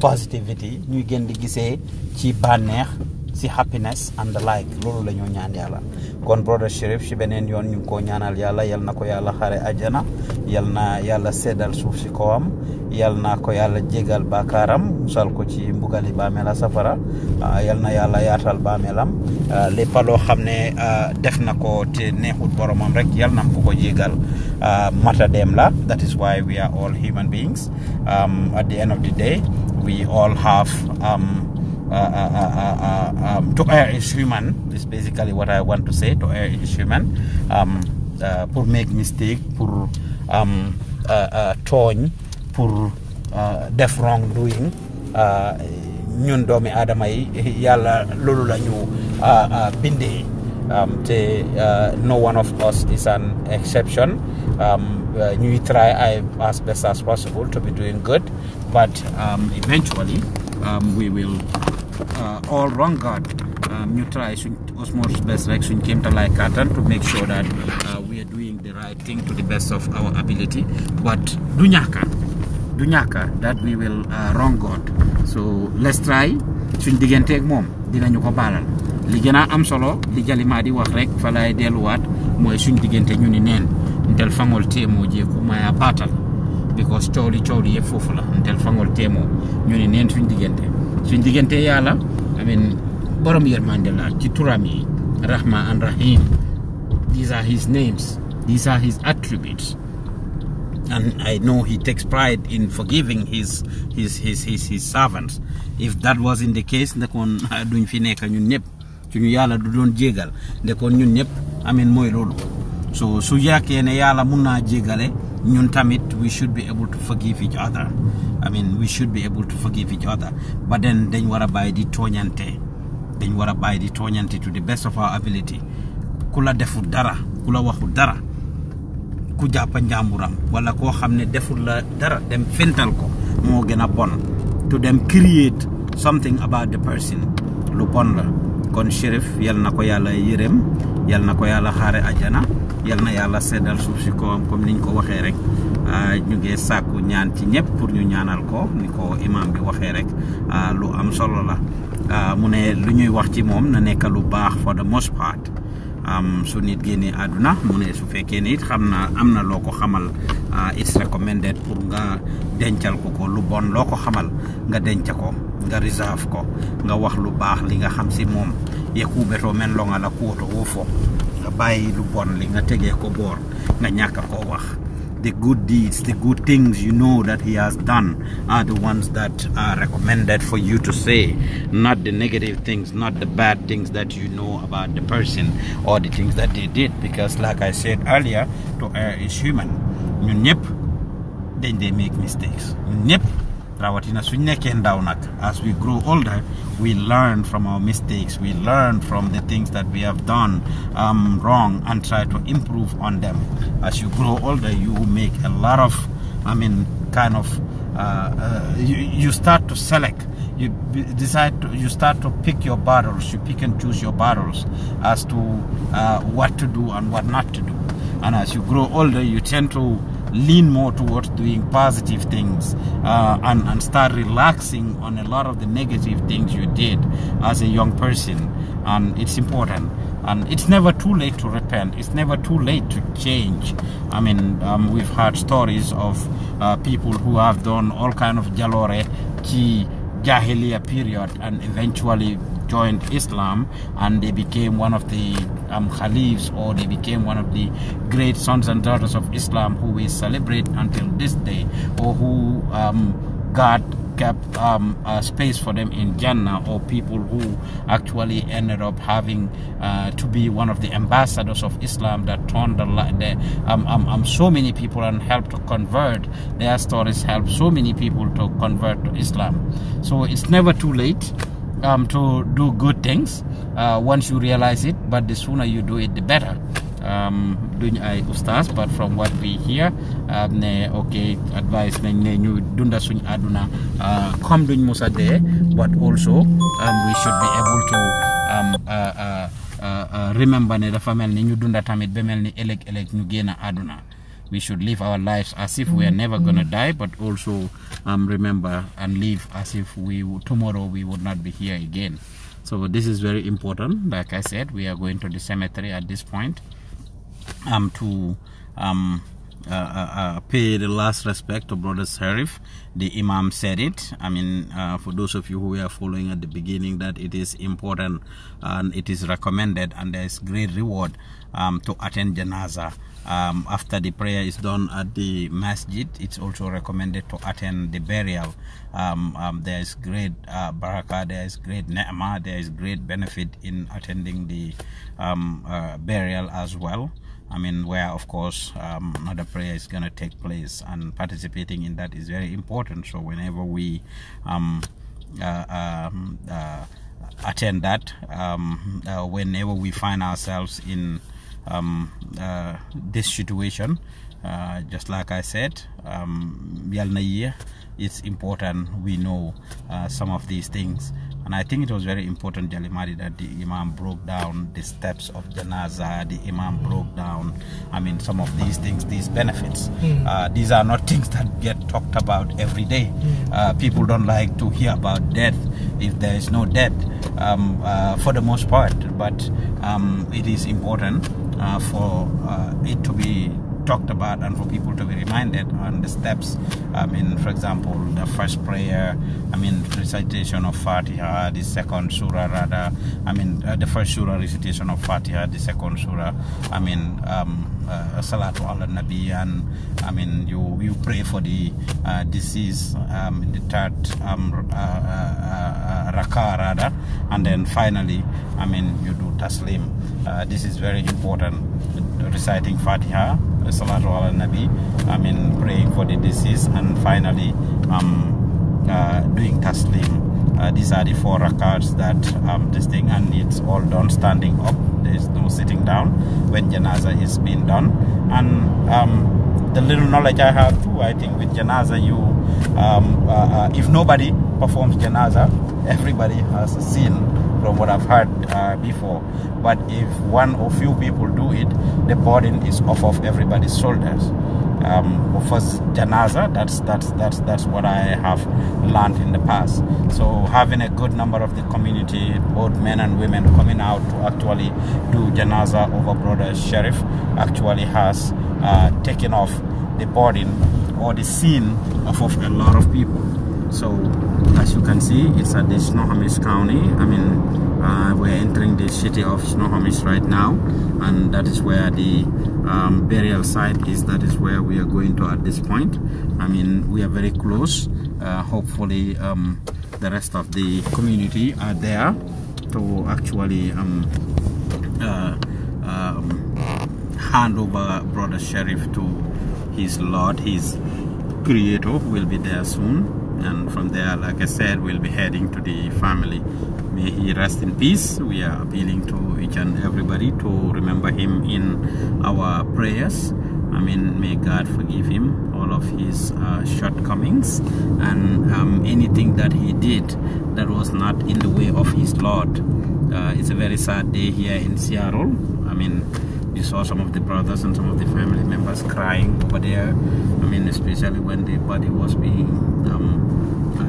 positivity ñuy gën di gisee ci bànneex si happiness and the like loolu la ñaan yàlla kon brother Sheriff si beneen yoon ñu ngi koo ñaanal yàlla yal na ko yàlla xare àjjana yal na yàlla seddal suuf si kawam yal na ko yàlla jégal baakaaram musal ko ci mbugali bàmmeela safara ah, yal na yàlla yaatal bàmmeelam ah, lépp loo xam ne ah, def na ko te neexut boromam rek yal na ko uh, them la. That is why we are all human beings. Um, at the end of the day, we all have. Um, uh, uh, um, to err is human is basically what I want to say. To err is human. Um, uh, pour make mistake, pour um, uh, uh, pour def wrong doing ñun doomi aadama yi yala lulu la ñu bindee um, the, uh, no one of us is an exception. Um, uh, try as best as possible to be doing good, but um, eventually um, we will uh, all run God. Um, you try Osmos best Rex in Kimtalai Katan to make sure that uh, we are doing the right thing to the best of our ability. But Dunyaka, Dunyaka, that we will uh, wrong God. So let's try. Shouldn't take mom. dinañu ko baalal li gën a am solo li jalimaa di wax rek fa deluwaat delluwaat mooy suñ diggante ñu ni neen ntel fangol teemoo jeeku maya baatal because coow li coow li yëpp foofu la ntel fangol teemoo ñu ni neen suñ diggante suñ diggante yàlla amin borom yërmande la ci turam yi rahma and rahim these are his names these are his attributes and I know he takes pride in forgiving his his his his, his servants if that wasn't the case ndekoon ah, duñ fi nekk ñun ñëpp suñu yàlla du doon jégal ndekoon ñun ñëpp amen so su yàkkee ne yàlla mun naa jégale ñun tamit we should be able to forgive each other I mean we should be able to forgive each other but then dañ war a bàyyi di tooñante dañ war a di tooñante to the best of our ability Kula defudara, kula dara ku dara ku jàpp njàmburam wala koo xam ne deful la dara dem fental ko moo gën a bon to dem create something about the person lu bon la kon shérif yal na ko yàlla yërëm yal na ko yàlla xaare ajana yal na yàlla seddal suuf si kawam comme niñ ko waxee rek ah, ñu ngi sàkku ñaan ci ñëpp pour ñu ñaanal ko ni ko imam bi waxee rek ah, lu am solo la ah, mu ne lu ñuy wax ci moom na nekk lu baax for the most part am su nit génnee àdduna mu ne su fekkee ne it xam na am na loo ko xamal ah, it's recommended pour nga dencal ko ko lu bon loo ko xamal nga denca ko nga réserve ko nga wax lu baax li nga xam si moom ye kuubeto men longa la kuwoto wo fo nga bàyyi lu bon li nga tegee ko boor nga ñàkk koo wax the good deeds, the good things you know that he has done are the ones that are recommended for you to say, not the negative things, not the bad things that you know about the person or the things that they did. Because, like I said earlier, to err is human. You nip, then they make mistakes. You nip, rawatina suñ nekkee ndaw nag as we grow older we learn from our mistakes we learn from the things that we have done um, wrong and try to improve on them as you grow older you make a lot of i mean kind of uh, uh, you, you start to select you decide to, you start to pick your battles you pick and choose your battles as to uh, what to do and what not to do and as you grow older you tend to lean more towards doing positive things uh, and, and start relaxing on a lot of the negative things you did as a young person. And it's important. And it's never too late to repent. It's never too late to change. I mean, um, we've heard stories of uh, people who have done all kind of jalore, ki Jahiliya period and eventually joined Islam and they became one of the um, Khalifs or they became one of the great sons and daughters of Islam who we celebrate until this day or who um, up um, space for them in Jannah or people who actually ended up having uh, to be one of the ambassadors of Islam that turned the, the um, um, um, so many people and helped to convert their stories helped so many people to convert to Islam so it's never too late um, to do good things uh, once you realize it but the sooner you do it the better um, duñ ay oustaz but from what we hear um, ne ok advice nañ ne ñu dunda suñ àdduna comme uh, duñ musa de, but also um, we should be able to um, uh, uh, remember ne dafa mel ni ñu dunda tamit ba mel ni eleg ëllëg ñu génn aduna we should live our lives as if we are mm-hmm. never going to die, but also um, remember and live as if we tomorrow we would not be here again. So this is very important. Like I said, we are going to the cemetery at this point um, to um, uh, uh, uh, pay the last respect to Brother Sharif. The Imam said it. I mean, uh, for those of you who were following at the beginning, that it is important and it is recommended, and there is great reward um, to attend janaza. Um, after the prayer is done at the masjid, it's also recommended to attend the burial. Um, um there is great uh, barakah, there is great ne'mah, there is great benefit in attending the um, uh, burial as well. I mean, where of course um, another prayer is going to take place, and participating in that is very important. So whenever we um, uh, um, uh, attend that, um, uh, whenever we find ourselves in um, uh, this situation, uh, just like I said, um, it's important we know uh, some of these things and I think it was very important, Jalimadi, that the Imam broke down the steps of Janaza, the Imam broke down, I mean, some of these things, these benefits. Mm. Uh, these are not things that get talked about every day. Mm. Uh, people don't like to hear about death if there is no death, um, uh, for the most part, but um, it is important uh, for uh, it to be talked about and for people to be reminded on the steps. I mean, for example, the first prayer, I mean, recitation of Fatiha, the second surah rather, I mean, uh, the first surah recitation of Fatiha, the second surah, I mean, um, uh, Salatu Allah Nabi, and I mean, you, you pray for the uh, disease um, in the third um, uh, uh, uh, rakah rather, and then finally, I mean, you do taslim. Uh, this is very important reciting Fatiha, uh, Salatu ala Nabi, I mean praying for the deceased, and finally um, uh, doing Taslim. Uh, these are the four rakats that um, this thing, and it's all done standing up. There is no sitting down when janaza is being done. And um, the little knowledge I have too, I think with janaza, you, um, uh, uh, if nobody performs janaza, everybody has a from what I've heard uh, before. But if one or few people do it, the burden is off of everybody's shoulders. Um, of course, janaza, that's, that's, that's, that's what I have learned in the past. So having a good number of the community, both men and women coming out to actually do janaza over brother sheriff actually has uh, taken off the burden or the sin off of a lot of people so as you can see it's at the Snohomish County I mean uh, we're entering the city of Snohomish right now and that is where the um, burial site is that is where we are going to at this point I mean we are very close uh, hopefully um, the rest of the community are there to actually um, uh, um, hand over brother sheriff to his lord his creator will be there soon and from there like I said we'll be heading to the family may he rest in peace we are appealing to each and everybody to remember him in our prayers I mean may God forgive him all of his uh, shortcomings and um, anything that he did that was not in the way of his Lord uh, it's a very sad day here in Seattle I mean we saw some of the brothers and some of the family members crying over there. I mean, especially when the body was being um,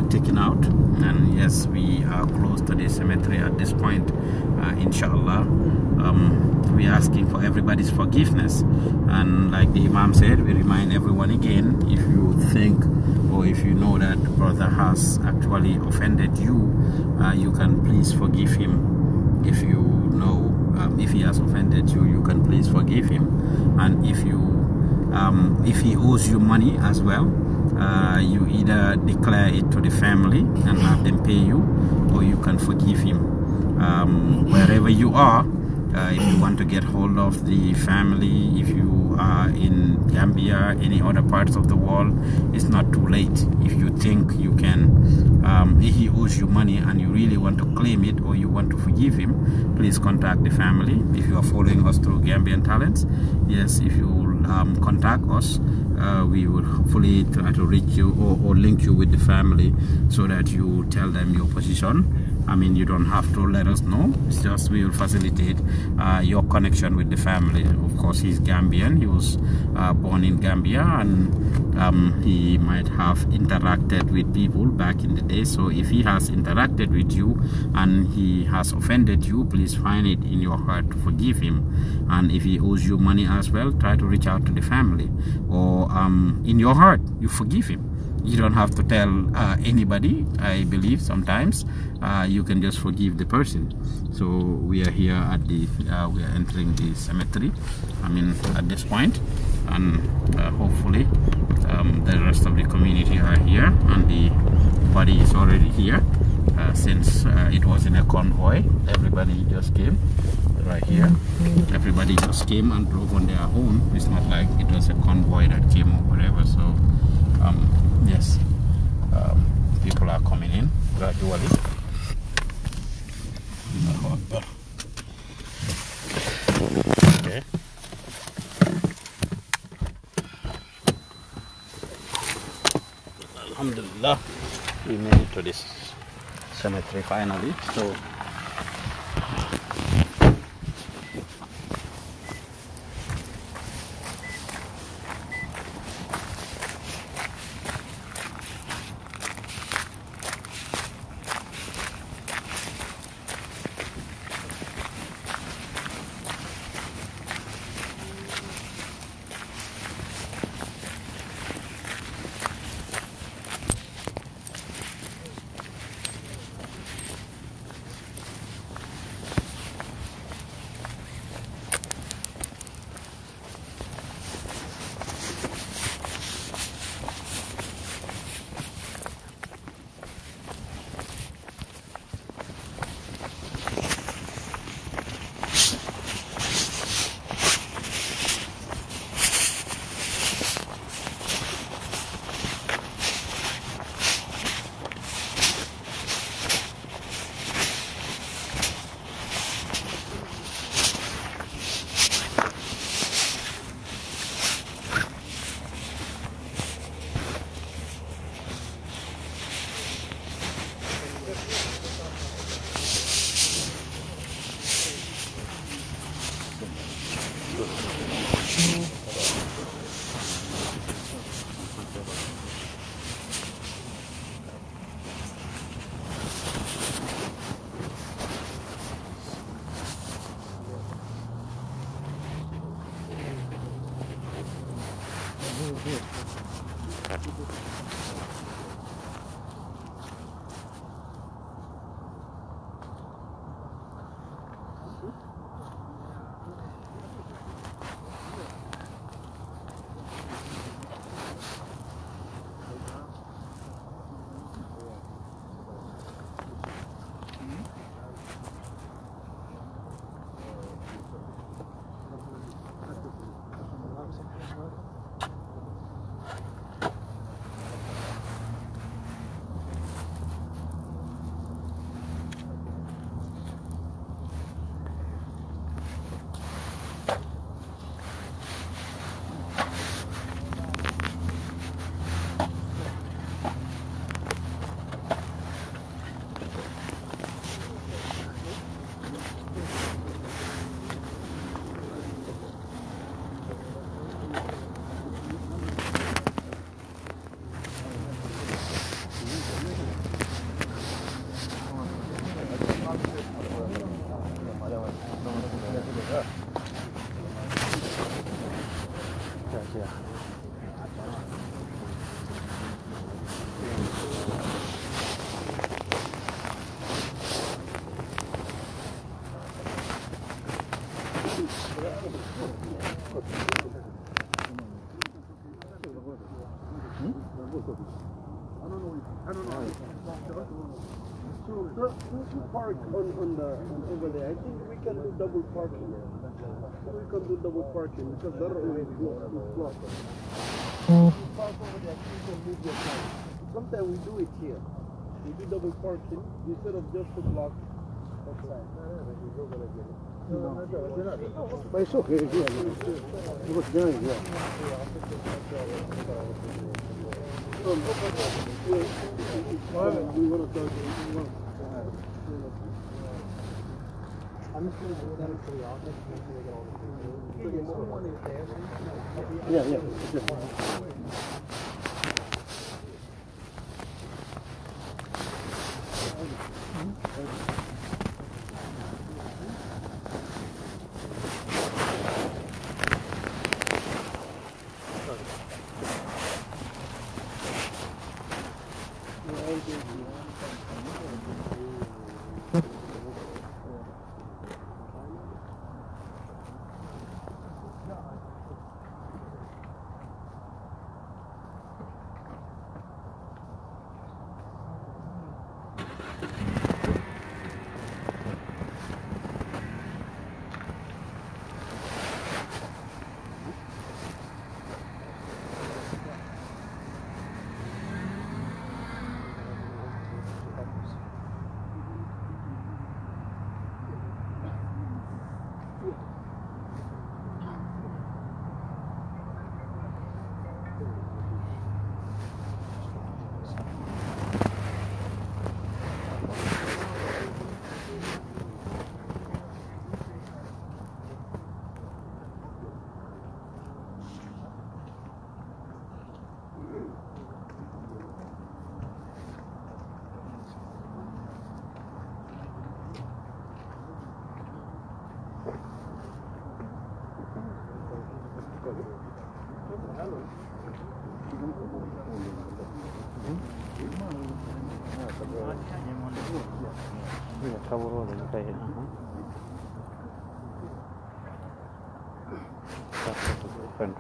taken out and yes we are close to the cemetery at this point uh, inshallah um, we're asking for everybody's forgiveness and like the imam said we remind everyone again if you think or if you know that brother has actually offended you uh, you can please forgive him if you know um, if he has offended you you can please forgive him and if you um, if he owes you money as well uh, you either declare it to the family and have them pay you or you can forgive him um, wherever you are uh, if you want to get hold of the family if you are in Gambia any other parts of the world it's not too late if you think you can um, if he owes you money and you really want to claim it or you want to forgive him please contact the family if you are following us through Gambian talents yes if you um, contact us. Uh, we will hopefully try to reach you or, or link you with the family so that you tell them your position I mean, you don't have to let us know. It's just we will facilitate uh, your connection with the family. Of course, he's Gambian. He was uh, born in Gambia and um, he might have interacted with people back in the day. So if he has interacted with you and he has offended you, please find it in your heart to forgive him. And if he owes you money as well, try to reach out to the family. Or um, in your heart, you forgive him you don't have to tell uh, anybody i believe sometimes uh, you can just forgive the person so we are here at the uh, we are entering the cemetery i mean at this point and uh, hopefully um, the rest of the community are here and the body is already here uh, since uh, it was in a convoy everybody just came right here everybody just came and drove on their own. it's not like it was a convoy that came or whatever so um, Yes. Um, people are coming in gradually. Okay. Alhamdulillah, we made it to this cemetery finally. So park on, on the on over there. I think we can do double parking. We can do double parking because that road is blocked. It's blocked. You park over there, you can move your car. Sometimes we do it here. We do double parking instead of just to block outside. No. But it's okay, yeah. It was done, yeah. Um, we want to talk to you. I'm just going to to the office and make sure they get all the Yeah, yeah.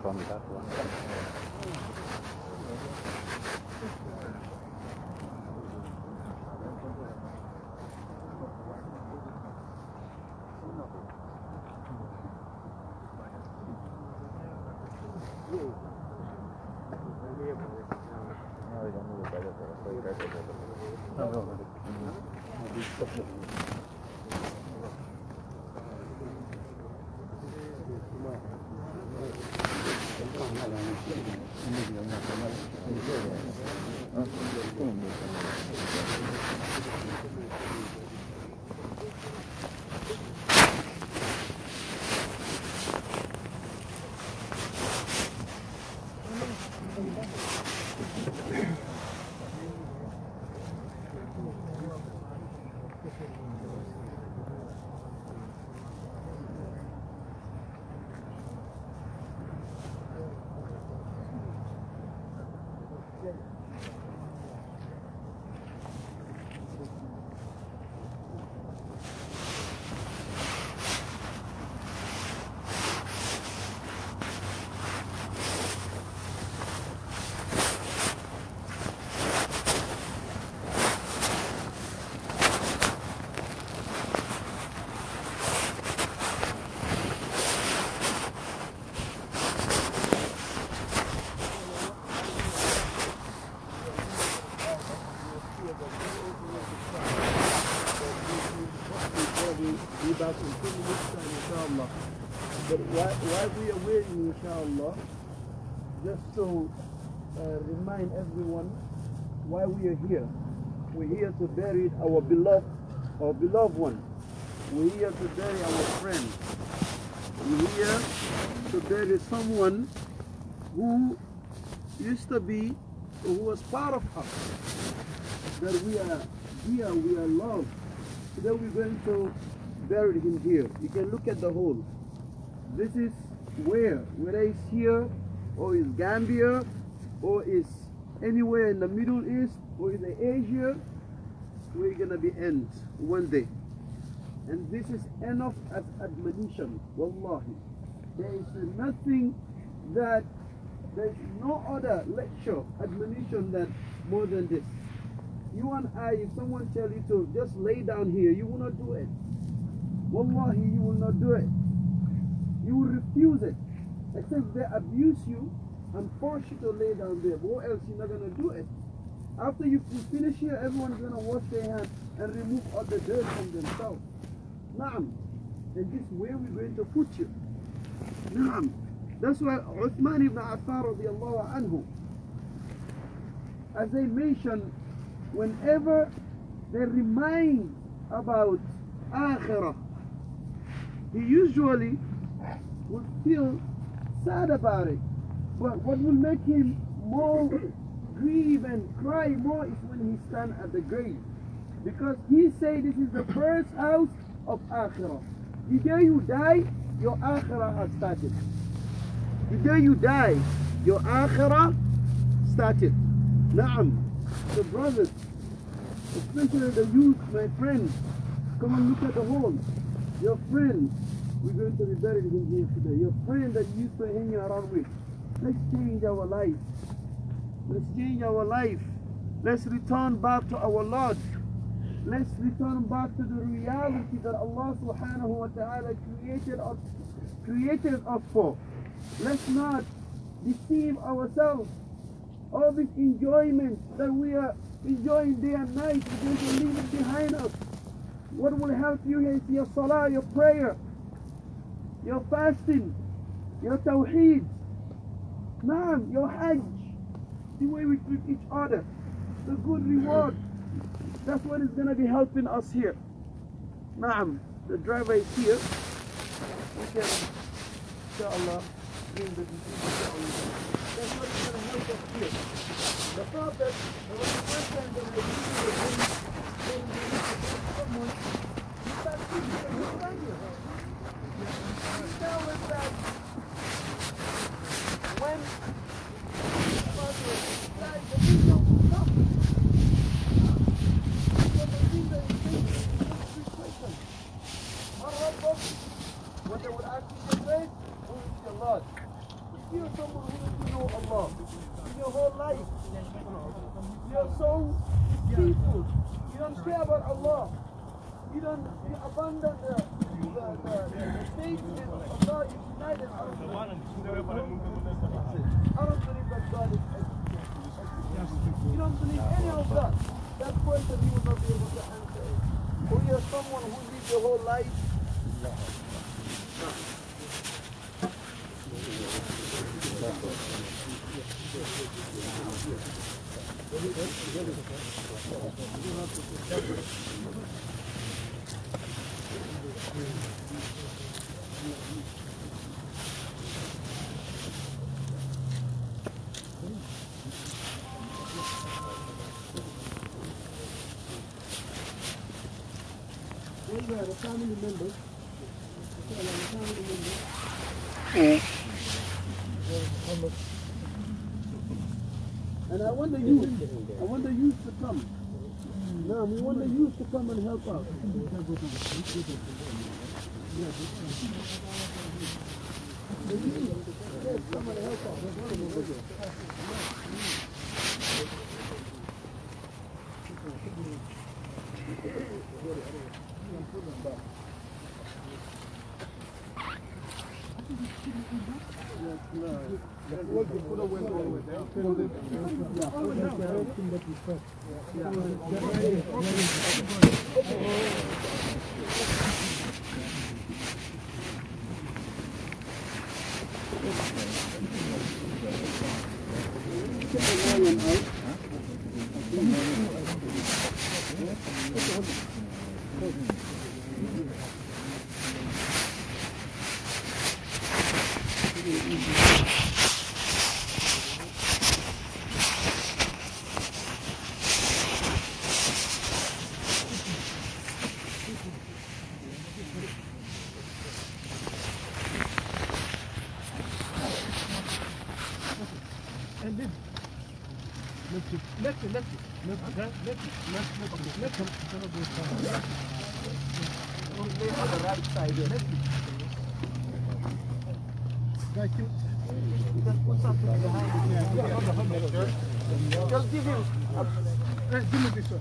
suami satu But why, why we are waiting, inshallah, just to uh, remind everyone why we are here. We're here to bury our beloved, our beloved one. We're here to bury our friend. We're here to bury someone who used to be, who was part of us. That we are here, we are loved. Today we're going to bury him here. You can look at the hole. This is where, whether it's here, or is Gambia, or is anywhere in the Middle East, or in Asia, we're gonna be end one day. And this is enough as admonition, wallahi. There is nothing that, there's no other lecture, admonition that more than this. You and I, if someone tell you to just lay down here, you will not do it. Wallahi, you will not do it you refuse it. Except they abuse you and force you to lay down there. what else you're not going to do it. After you finish here, everyone's going to wash their hands and remove all the dirt from themselves. Naam. And this way we're going to put you. Naam. That's why Uthman ibn Affan radiallahu anhu, as I mentioned, whenever they remind about Akhirah, he usually would feel sad about it. But what will make him more grieve and cry more is when he stand at the grave. Because he say this is the first house of Akhirah. The day you die, your Akhirah has started. The day you die, your Akhirah started. Naam. The brothers, especially the youth, my friends, come and look at the home. Your friends, we're going to be better than here today. Your friend that you used to hang around with. Let's change our life. Let's change our life. Let's return back to our Lord. Let's return back to the reality that Allah subhanahu wa ta'ala created us, created us for. Let's not deceive ourselves. All this enjoyment that we are enjoying day and night, we're going to leave it behind us. What will help you is your salah, your prayer your fasting, your tawheed, ma'am, your hajj, the way we treat each other, the good reward. That's what is going to be helping us here. ma'am. the driver is here. We can, inshallah, bring the That's going to help us here. The when the first time that we tell is that when when they would ask you your faith, who is your Lord? If you're someone who does know Allah in your whole life, you're so people, you don't care about Allah, you don't you abandon the you don't believe any of that. That question you will not be able to answer Or you're someone who lived your whole life. a family member. I'm a family member. Mm. And I want the youth, I want the youth to come. No, we want the youth to come and help out. The youth, yes, come and help out. Thank you.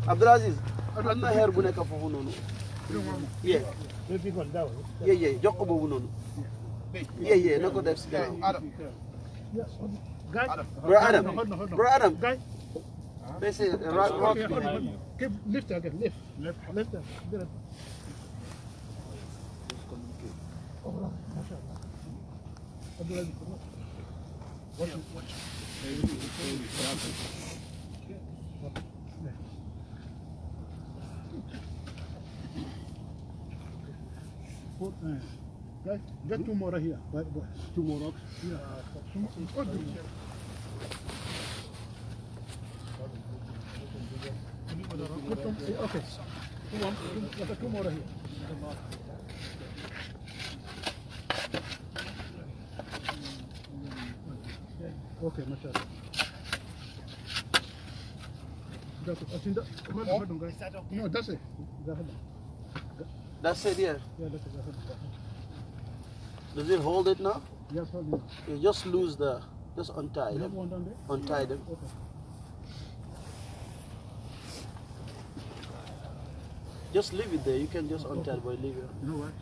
Abdulaziz, Allah her gune ka fo hono no. Yeah. Yeah, yeah, jokko bobu nono. Yeah, yeah, nako def ci gaaw. Adam. Bro Adam. Bro Adam. This is rock. Keep lift again, lift. Lift. Lift. lift. What, what, what, put, uh, right? Get two more here. Right, two more rocks? Yeah. Put them, okay. Two, one, two, two more here. Okay, mashallah. No, that's it. That's it, yeah. Yeah, that's it, Does it hold it now? Yes, hold it. You just lose the, just untie them. untie yeah. them. Okay. Just leave it there. You can just untie okay. it, but leave it. You know what?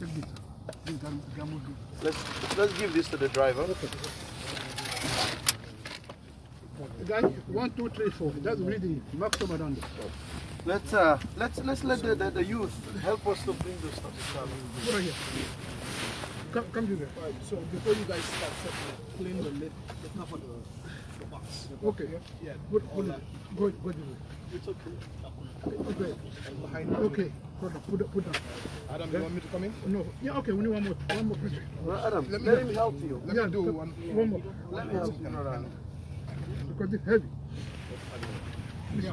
Take this. Let's let's give this to the driver. Okay. Guys, one, two, three, four. That's bleeding. Maximum around it. Let's uh, let's let's let the, the, the, youth help us to bring this stuff. Over right here. Come come here. Right, so before you guys start clean the lid, the cover the, the box. okay. Box. Yeah. What what is it? Go ahead, go ahead. It's okay. Okay. Behind okay. Put down, put down, put down. Adam, okay. you want me to come in? No. Yeah, okay, we need one more. One more person. Well, Adam, let, let him help you. Let yeah, me do one. One more. Let me help you, brother. Because it's heavy. Yeah.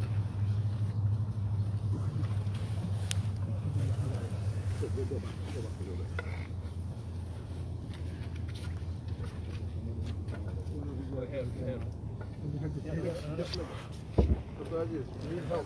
Yeah, yeah, The We need help.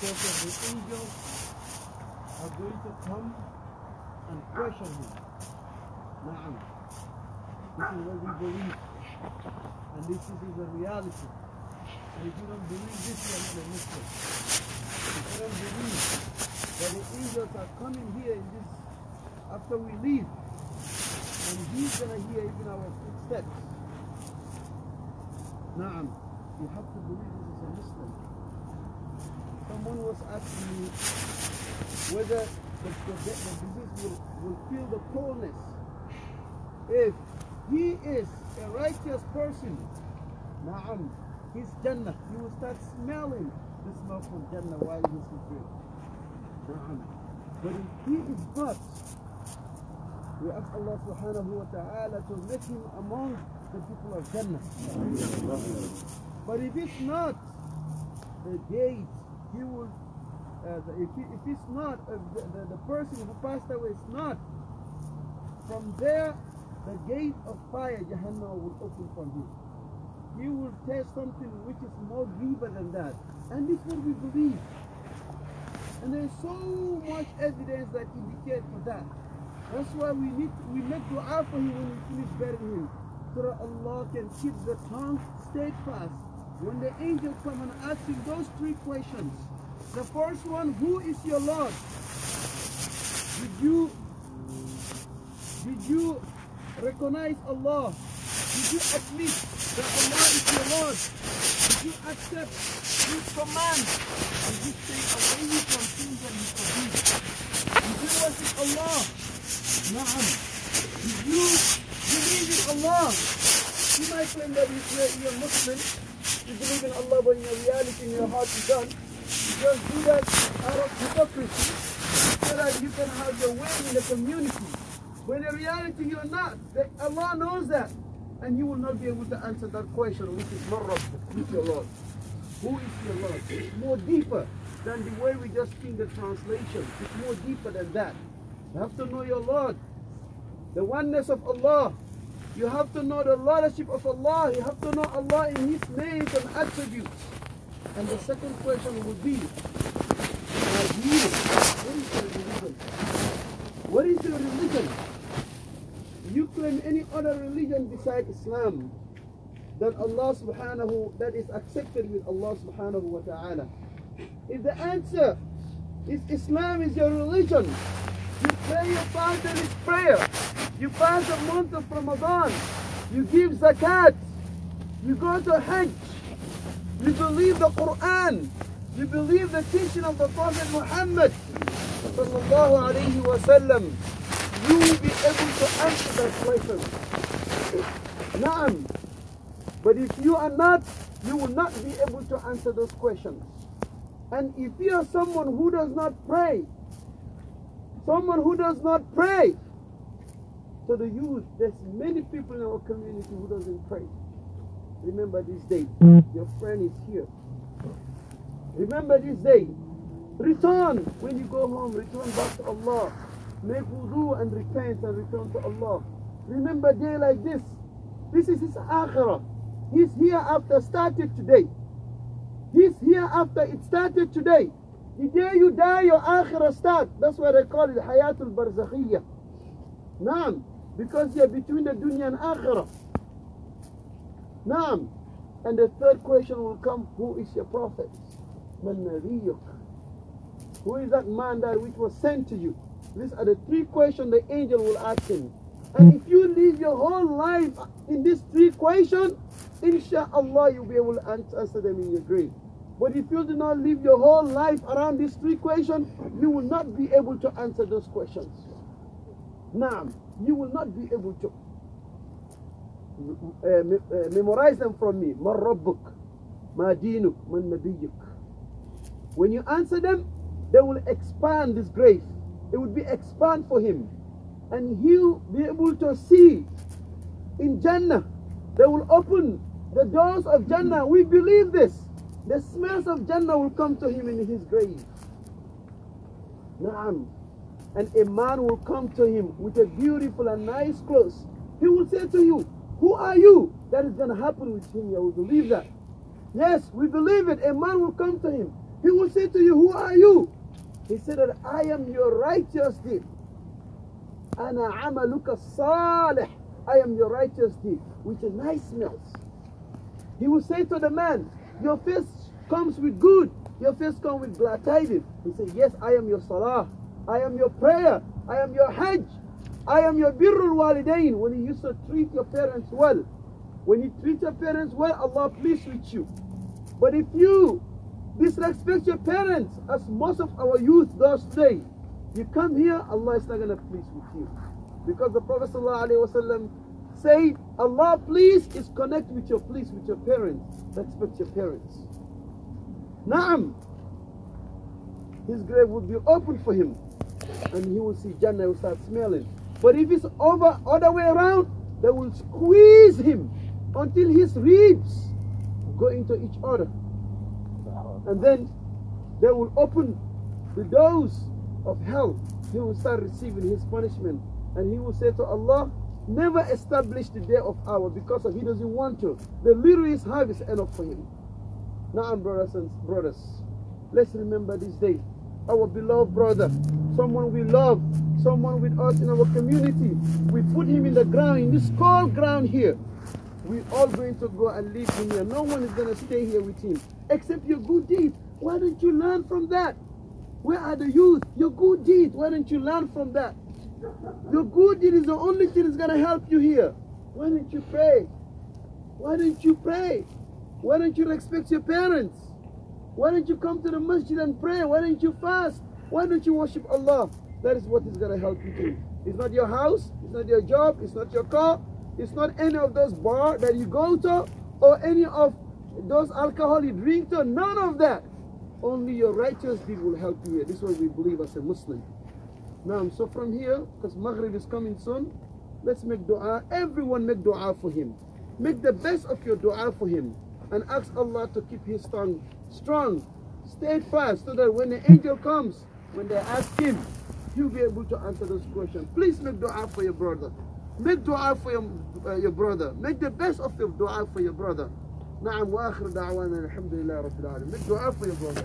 because the angels are going to come and pressure him. Na'am. This is what we believe. And this is the reality. And if you don't believe this, you are not a Muslim. If you don't believe that the angels are coming here in this, after we leave, and he's going to hear even our footsteps. Na'am. You have to believe this is a Muslim someone was asking me whether the, the, the disease will, will feel the coldness. If he is a righteous person, na'am, his Jannah, he will start smelling the smell from Jannah while he's with Na'am. But if he is not, we ask Allah subhanahu wa ta'ala to make him among the people of Jannah. But if it's not, the gate he would, uh, if, he, if he's not, uh, the, the, the person who passed away is not, from there the gate of fire, Jahannam, will open for him. He will taste something which is more deeper than that. And this is what we believe. And there's so much evidence that indicates for that. That's why we need to, we make dua for him when we finish burying him. So that Allah can keep the tongue steadfast when the angel comes and asks him those three questions, the first one, who is your Lord? Did you, did you recognize Allah? Did you admit that Allah is your Lord? Did you accept His command? Did you stay away from things that He forbids? Did you worship Allah? Na'am. Did you believe in Allah? You might claim that you're Muslim, you believe in Allah, but in your reality, in your heart, you don't. Just do that out of hypocrisy so that you can have your way in the community. When in reality, you're not. Allah knows that. And you will not be able to answer that question, which is Marrab, who is your Lord? Who is your Lord? It's more deeper than the way we just think the translation. It's more deeper than that. You have to know your Lord. The oneness of Allah you have to know the Lordship of Allah. You have to know Allah in His names and attributes. And the second question would be, what is your religion? What is your religion? You claim any other religion besides Islam that Allah subhanahu, that is accepted with Allah subhanahu wa ta'ala. If the answer is Islam is your religion, you pray your father's prayer. You fast the month of Ramadan. You give zakat. You go to Hajj. You believe the Quran. You believe the teaching of the Prophet Muhammad. Sallallahu alayhi wasallam. You will be able to answer that question. Naam. But if you are not, you will not be able to answer those questions. And if you are someone who does not pray, Someone who does not pray. So the youth, there's many people in our community who doesn't pray. Remember this day. Your friend is here. Remember this day. Return when you go home. Return back to Allah. Make wudu and repent and return to Allah. Remember day like this. This is his akhirah. He's here after started today. He's here after it started today. The day you die, your akhirah starts. That's why they call it Hayatul Barzakhiyah. Naam. Because you are between the dunya and akhirah. Naam. And the third question will come, who is your prophet? Who is that man that which was sent to you? These are the three questions the angel will ask him. And if you live your whole life in these three questions, inshallah you'll be able to answer them in your grave. But if you do not live your whole life around these three questions, you will not be able to answer those questions. Now, you will not be able to. Uh, memorize them from me. Marrabbuk, Madinuk, Man When you answer them, they will expand this grace. It will be expand for him. And he'll be able to see in Jannah. They will open the doors of Jannah. We believe this. The smells of Jannah will come to him in his grave. Naam. And a man will come to him with a beautiful and nice clothes. He will say to you, who are you? That is going to happen with him. I will believe that. Yes, we believe it. A man will come to him. He will say to you, who are you? He said that I am your righteous deed. Ana amaluka salih. I am your righteous deed, which is nice smells. He will say to the man, your face comes with good. Your face comes with glad tidings. He said, yes, I am your salah. I am your prayer. I am your hajj. I am your birrul walidain. When you used to treat your parents well. When you treat your parents well, Allah pleased with you. But if you disrespect your parents, as most of our youth does today, you come here, Allah is not going to please with you. Because the Prophet ﷺ Say, Allah, please, is connect with your please with your parents. Respect your parents. Naam. His grave will be open for him. And he will see Jannah will start smelling. But if it's over other way around, they will squeeze him until his ribs go into each other. And then they will open the doors of hell. He will start receiving his punishment. And he will say to Allah, never established the day of hour because of he doesn't want to. The little is harvest enough for him. Now, brothers and brothers, let's remember this day. Our beloved brother, someone we love, someone with us in our community. We put him in the ground, in this cold ground here. We're all going to go and leave him here. No one is going to stay here with him except your good deeds. Why don't you learn from that? Where are the youth? Your good deeds. Why don't you learn from that? The good deed is the only thing that's going to help you here. Why don't you pray? Why don't you pray? Why don't you respect your parents? Why don't you come to the masjid and pray? Why don't you fast? Why don't you worship Allah? That is what is going to help you do. It's not your house, it's not your job, it's not your car, it's not any of those bars that you go to or any of those alcohol you drink to, none of that. Only your righteous deed will help you here. This is what we believe as a Muslim. Now, so from here, because Maghrib is coming soon, let's make dua. Everyone make dua for him. Make the best of your dua for him. And ask Allah to keep his tongue strong, steadfast, so that when the angel comes, when they ask him, he'll be able to answer those questions. Please make dua for your brother. Make dua for your, uh, your brother. Make the best of your dua for your brother. نعم واخر دعوانا الحمد لله رب العالمين. Make dua for your brother.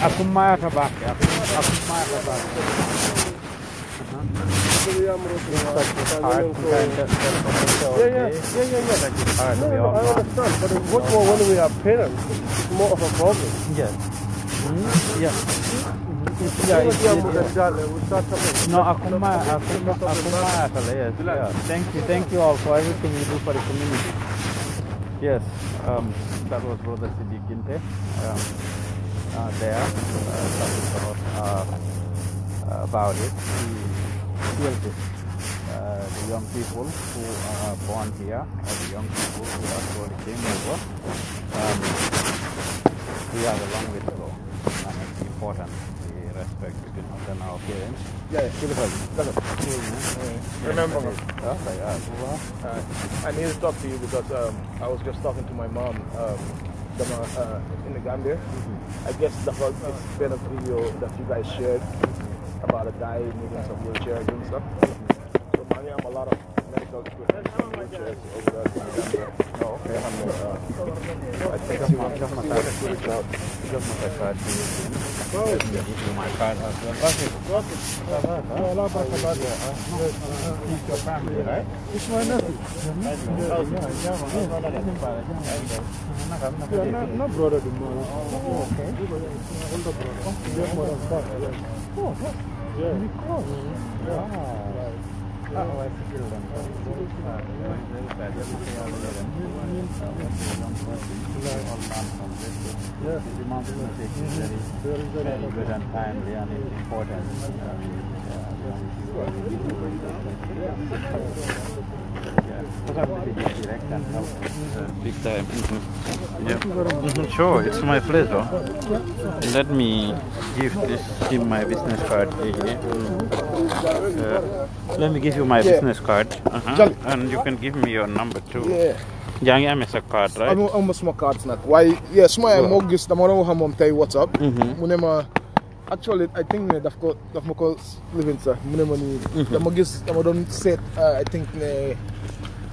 اكون معك باك يا اخي اكون معك باك كل يوم Yeah, yeah, yeah, yeah, yeah. No, no, I understand, but it's much more when we are parents, it's more of a problem. Yeah. Mm-hmm. Yeah. Mm-hmm. Yeah, it's, yeah, it's, yeah. No, Akuma, Akuma, Akuma, yes, Thank you, thank you all for everything you do for the community. Yes, um, that was Brother Sidi Ginte. Um, uh, there talking uh, about, uh, uh, about it to deal with the young people who are born here or the young people who actually came over. Um, we have a long way to go and it's important respect between us and our parents. Yeah, yeah. Yeah. Remember. Yeah. I need to talk to you because um, I was just talking to my mom. Um, them uh, in the Gambia. Mm-hmm. I guess the whole it's been video that you guys shared about a guy needing some wheelchair and stuff. Mm-hmm. So, man, I'm a lot of go to it. Oh, okay. I'm uh, I think I'm not. I'm not that good. I'm not that bad. Oh, my God. I love it. He's your family, right? It's my nephew. Yeah, yeah, yeah. Not brother to mine. Oh, okay. Older brother. Oh, yeah. Of course. Yeah. Ah. Yes. The is very, very good and timely and important. yeah, uh, Big time. Mm -hmm. Yeah. Mm -hmm. Sure, it's my pleasure. Let me give this him my business card. Uh, let me give you my yeah. business card. Uh -huh. And you can give me your number too. Yeah. yeah. am a card, right? I'm, I'm a small card snack. Why? Yeah, small yeah. mogis tomorrow ham mom tay what's up. Munema mm-hmm. uh, actually I think ne dafko dafmoko living sir. Munema ni the mogis tomorrow set I think ne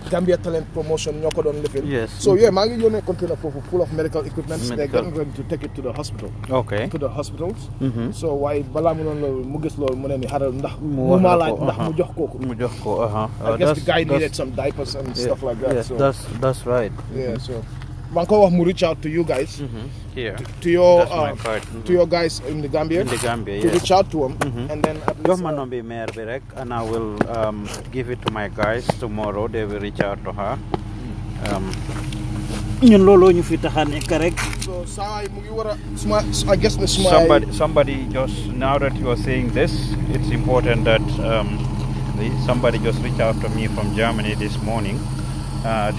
Gambia Talent Promotion ñoo ko doon Yes. so yeah maa ngi yónnee container foofu full of medical equipment they're going to take it to the hospital okay to the hospitals mm-hmm. so waaye balaa mu noonu loolu mu gis loolu mu ne ni xaral ndax Uh-huh. uh-huh. I uh, guess the guy needed some diapers and stuff like that so that's that's right yeah mm-hmm. so maa ngi ko wax reach out to you guys mm-hmm here. To, your uh, part, mm -hmm. to your guys in the Gambia. In the Gambia, To yes. reach out to them, mm -hmm. and then. Yoma uh, be Mayor Berek, and I will um, give it to my guys tomorrow. They will reach out to her. Um, ñun looloo ñu fi taxa nekk rek. so saa yi mu ngi war a suma I guess the suma. somebody somebody just now that you are saying this it's important that um, somebody just reach out to me from Germany this morning. Uh,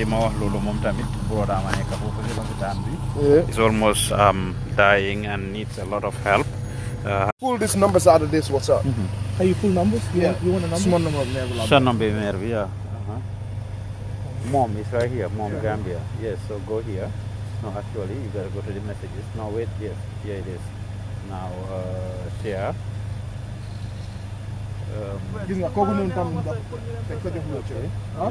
it's almost um, dying and needs a lot of help uh, pull these numbers out of this what's up mm -hmm. are you pull numbers you yeah want, you want a number small number of small number yeah uh-huh. mom is right here mom sure. gambia yes so go here no actually you gotta go to the messages no wait yes here it is now uh, share gis nga kooku noonu tam daf dañ ko def loo ci ah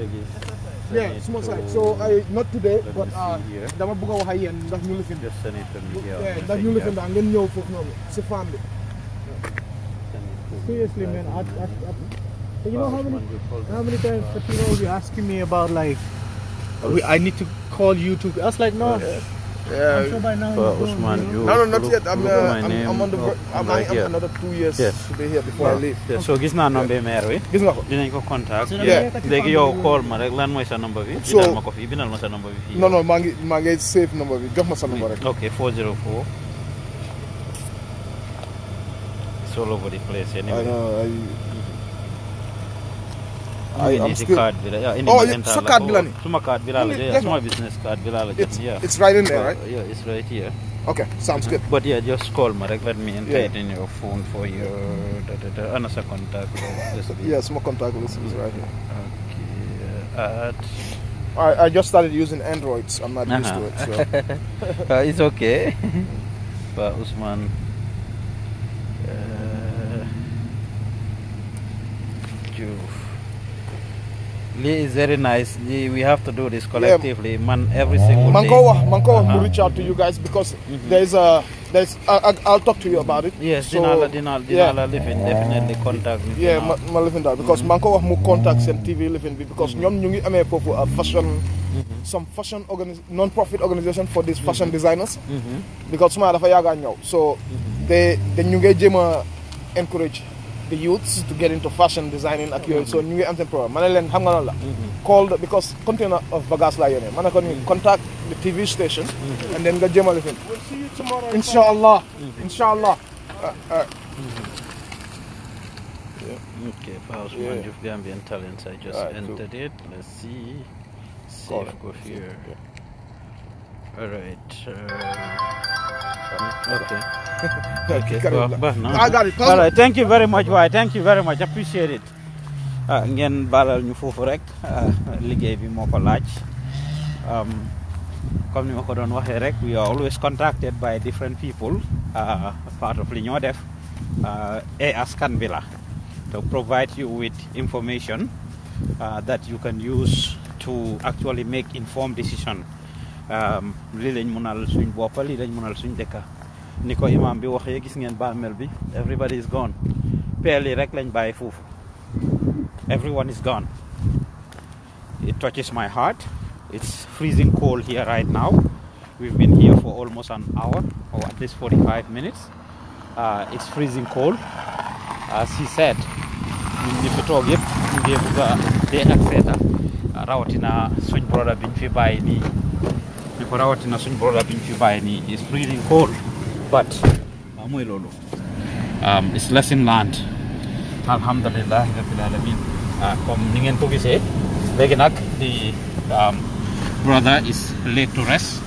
bien suma saay so I not today but uh, dama bëgg a wax ak yéen ndax ñu la fi ndax ñu la fi ndax ngeen ñëw foofu noonu si bi seriously man I, I, you know how many how many times know, uh, you asking me about like we, I need to call you to us like no yeah. Yeah. I'm sure by now. For Usman, you. No, no, not yet. I'm, uh, I'm, I'm on the. Oh, I'm, I'm, right I'm another two years yes. to be here before oh. I leave. Yeah. So gis naa number maire bi. gis nga ko contact. yeah léegi yow call ma rek lan mooy sa number bi. so bindal ma ko fii number bi No, no, non maa ngi maa number bi jox ma sa number rek. ok 404. It's all over the place anyway. I know. I, oh, yeah, so card villa. Like, card villa. Oh, yeah, small business card villa. It's, yeah. it's right in there, right? Yeah, it's right here. Okay, sounds good. But yeah, just call me. let me enter it in your phone for your da, da, da, another contact. yeah, small contact list is right here. Okay, at. I, I just started using Androids. I'm not uh -huh. used to uh-huh. it. So. uh, it's okay. but Usman. Uh, you lii is very nice we have to do this collectively man every single day man koo wax man reach out to you guys because mm-hmm. there is a there is I'll talk to you about it. yes dinaa Dinala, Dinala. dinaa la Living definitely contact. yeah ma ma Living daal because mm-hmm. man koo wax mu contact seen TV Living because mm-hmm. ñoom ñu ame amee foofu uh, fashion. some fashion organi non-profit organisation for these fashion designers. because some dafa yàgg a so. te te ñu ngi encourage the youths to get into fashion designing ak yooyu so new ngi am seen programme ma ne leen xam nga noonu la called because container of bagage laa yónnee ma ne ko mm-hmm. contact the TV station mm-hmm. and then We'll see you tomorrow. Inshallah. Mm-hmm. Inshallah. Uh, uh. Okay, Powers yeah. One of Gambian Talents. I just entered it. Let's see. go here. Alright. Uh, okay. okay. Well, but All right. Thank you very much, waay. Thank you very much. Appreciate it. ah ngeen baalal ñu foofu rek ah, liggéey bi moo ko laaj um, comme ni ma ko doon we are always contacted by different people ah, part of li ñoo def ah, e eh, askan to provide you with information that you can use to actually make informed decision lii lañ mënal suñ boppa lii lañ mënal suñ dëkka ni ko imaam bi waxee gis ngeen bàmmeel bi everybody is gone peel yi rek lañ bàyyi foofu everyone is gone it touches my heart it's freezing cold here right now we've been here for almost an hour or at least 45 minutes uh, it's freezing cold as he said ñun ñi fi toog yëpp ñu ngi bugg a dee ak seeta rawatina suñ broda biñ fi bàyyi nii for our such brought up in Cuba and he is breathing cold. But um, it's in land. Alhamdulillah, Rabbil Alameen. Uh, kom ningen ko gise, legenak the um, brother is laid to rest.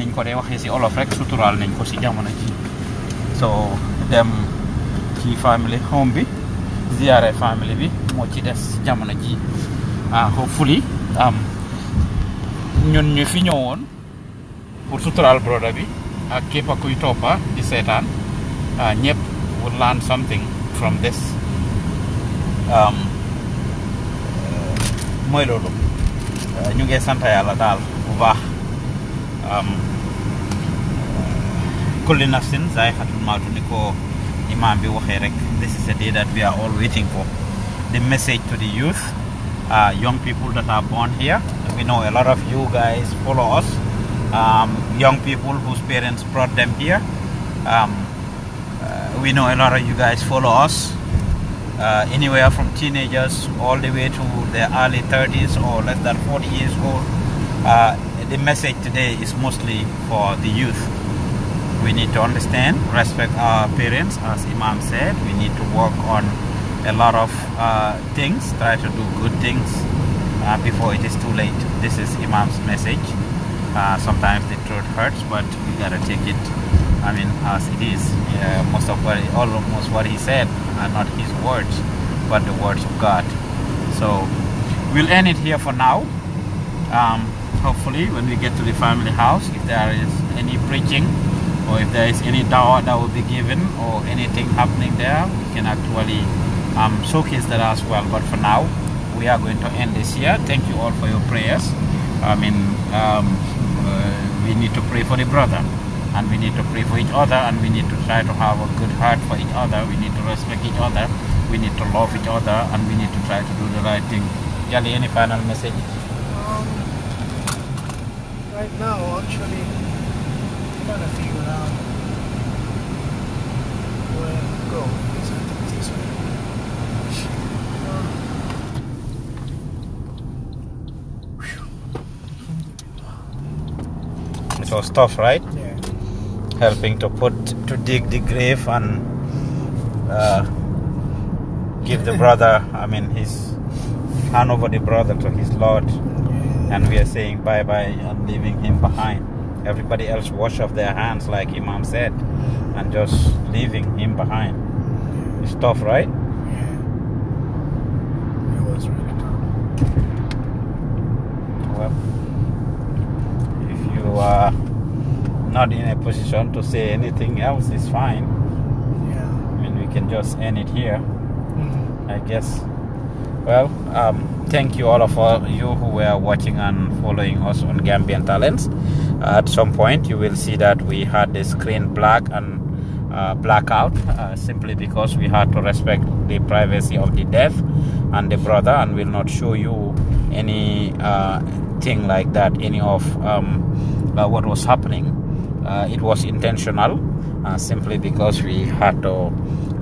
Ning ko de all of rek sutural ning ko si jamono So them, ci family home bi, ziare family bi mo ci dess jamono Uh, hopefully um ñun ñu fi pour suturaal bi ak kuy di ah, learn something from this um, eh, mooy loolu eh, ñu ngee sant yàlla daal bu baax um, eh, kulli nafsin zaa'iqatul mawt imam bi rek this is a day that we are all waiting for the message to the youth uh, young people that are born here we know a lot of you guys follow us um, young people whose parents brought them here. Um, uh, we know a lot of you guys follow us, uh, anywhere from teenagers all the way to the early 30s or less than 40 years old. Uh, the message today is mostly for the youth. We need to understand, respect our parents, as Imam said. We need to work on a lot of uh, things, try to do good things uh, before it is too late. This is Imam's message. Uh, sometimes the truth hurts, but we gotta take it. I mean, as it is. Yeah, most of what, almost what he said are not his words, but the words of God. So we'll end it here for now. Um, hopefully, when we get to the family house, if there is any preaching or if there is any dawah that will be given or anything happening there, we can actually um, showcase that as well. But for now, we are going to end this here. Thank you all for your prayers. I mean. Um, we need to pray for the brother and we need to pray for each other and we need to try to have a good heart for each other we need to respect each other we need to love each other and we need to try to do the right thing Yali, any final message um, right now actually i'm trying to figure out where to go It was tough, right? Yeah. Helping to put to dig the grave and uh, give the brother, I mean, his hand over the brother to his Lord, and we are saying bye bye and leaving him behind. Everybody else wash off their hands, like Imam said, and just leaving him behind. It's tough, right? are not in a position to say anything else, is fine. Yeah. I mean, we can just end it here, mm-hmm. I guess. Well, um, thank you all of all you who were watching and following us on Gambian Talents. at some point, you will see that we had the screen black and uh, blackout uh, simply because we had to respect the privacy of the deaf and the brother and will not show you any uh, thing like that any of um, uh, what was happening. Uh, it was intentional, uh, simply because we had to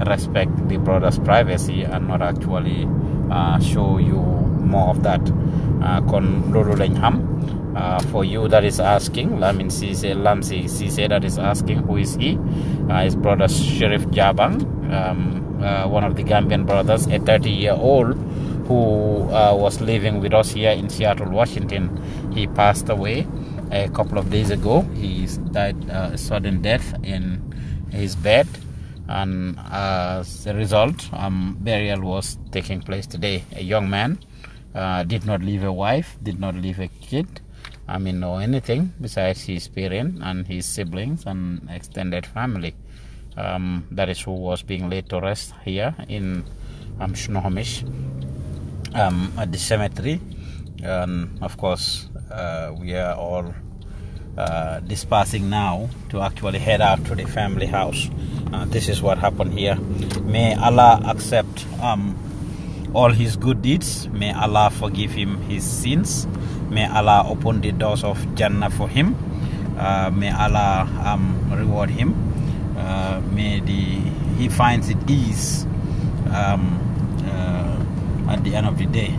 respect the brother's privacy and not actually uh, show you more of that. Uh, kon for you that is asking, Lamin Cisse, Lamsi said that is asking who is he, his brother Sheriff Jabang, um, one of the Gambian brothers, a 30 year old who uh, was living with us here in Seattle, Washington. He passed away a couple of days ago. He died uh, a sudden death in his bed, and as a result, um, burial was taking place today. A young man uh, did not leave a wife, did not leave a kid. I mean, or anything besides his parents and his siblings and extended family. Um, that is who was being laid to rest here in um, um, at the cemetery. And of course, uh, we are all uh, dispersing now to actually head out to the family house. Uh, this is what happened here. May Allah accept um, all his good deeds. May Allah forgive him his sins. May Allah open the doors of Jannah for him. Uh, may Allah um, reward him. Uh, may the, he finds it ease um, uh, at the end of the day.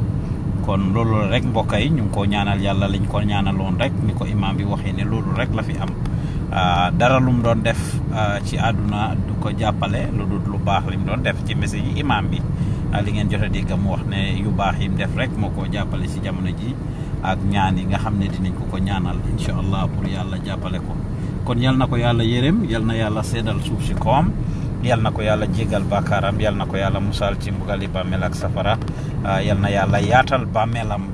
kon loolu rek mbokk yi ñu ngi koo ñaanal yàlla liñ ko ñaanaloon rek ni ko imaam bi waxee ne loolu rek la fi am ah, dara lu doon def ah, ci àdduna du ko jàppale lu dul lu baax li doon def ci message yi imaam bi ah, li ngeen jot a mu wax ne yu baax yi def rek moo koo jàppale ci jamono ji ak ñaan yi nga xam ne dinañ ko ko ñaanal incha allah pour yàlla jàppale ko kon yal na ko yàlla yërëm yal na yàlla seddal suuf si koom. yal na ko yalla jegal bakaram yal ko yalla musal ci mbugali bàmmeel ak safara ah, yal na yàlla yaatal bàmmeelam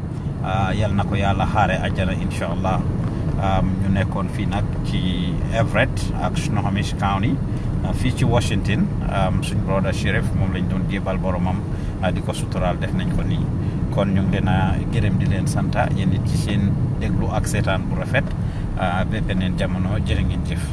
ah, yal na ko yalla hare àjjana inshallah ah, ñu nekkon fi nak ci Everett ak Snohomish County fi ci Washington suñu brother Sheriff mom lañ doon jébal boromam di ko suturaal def nañ ko ni kon ñu ngi na gërëm di leen santa yeen it ci seen déglu ak seetaan bu rafet ba jamono jërë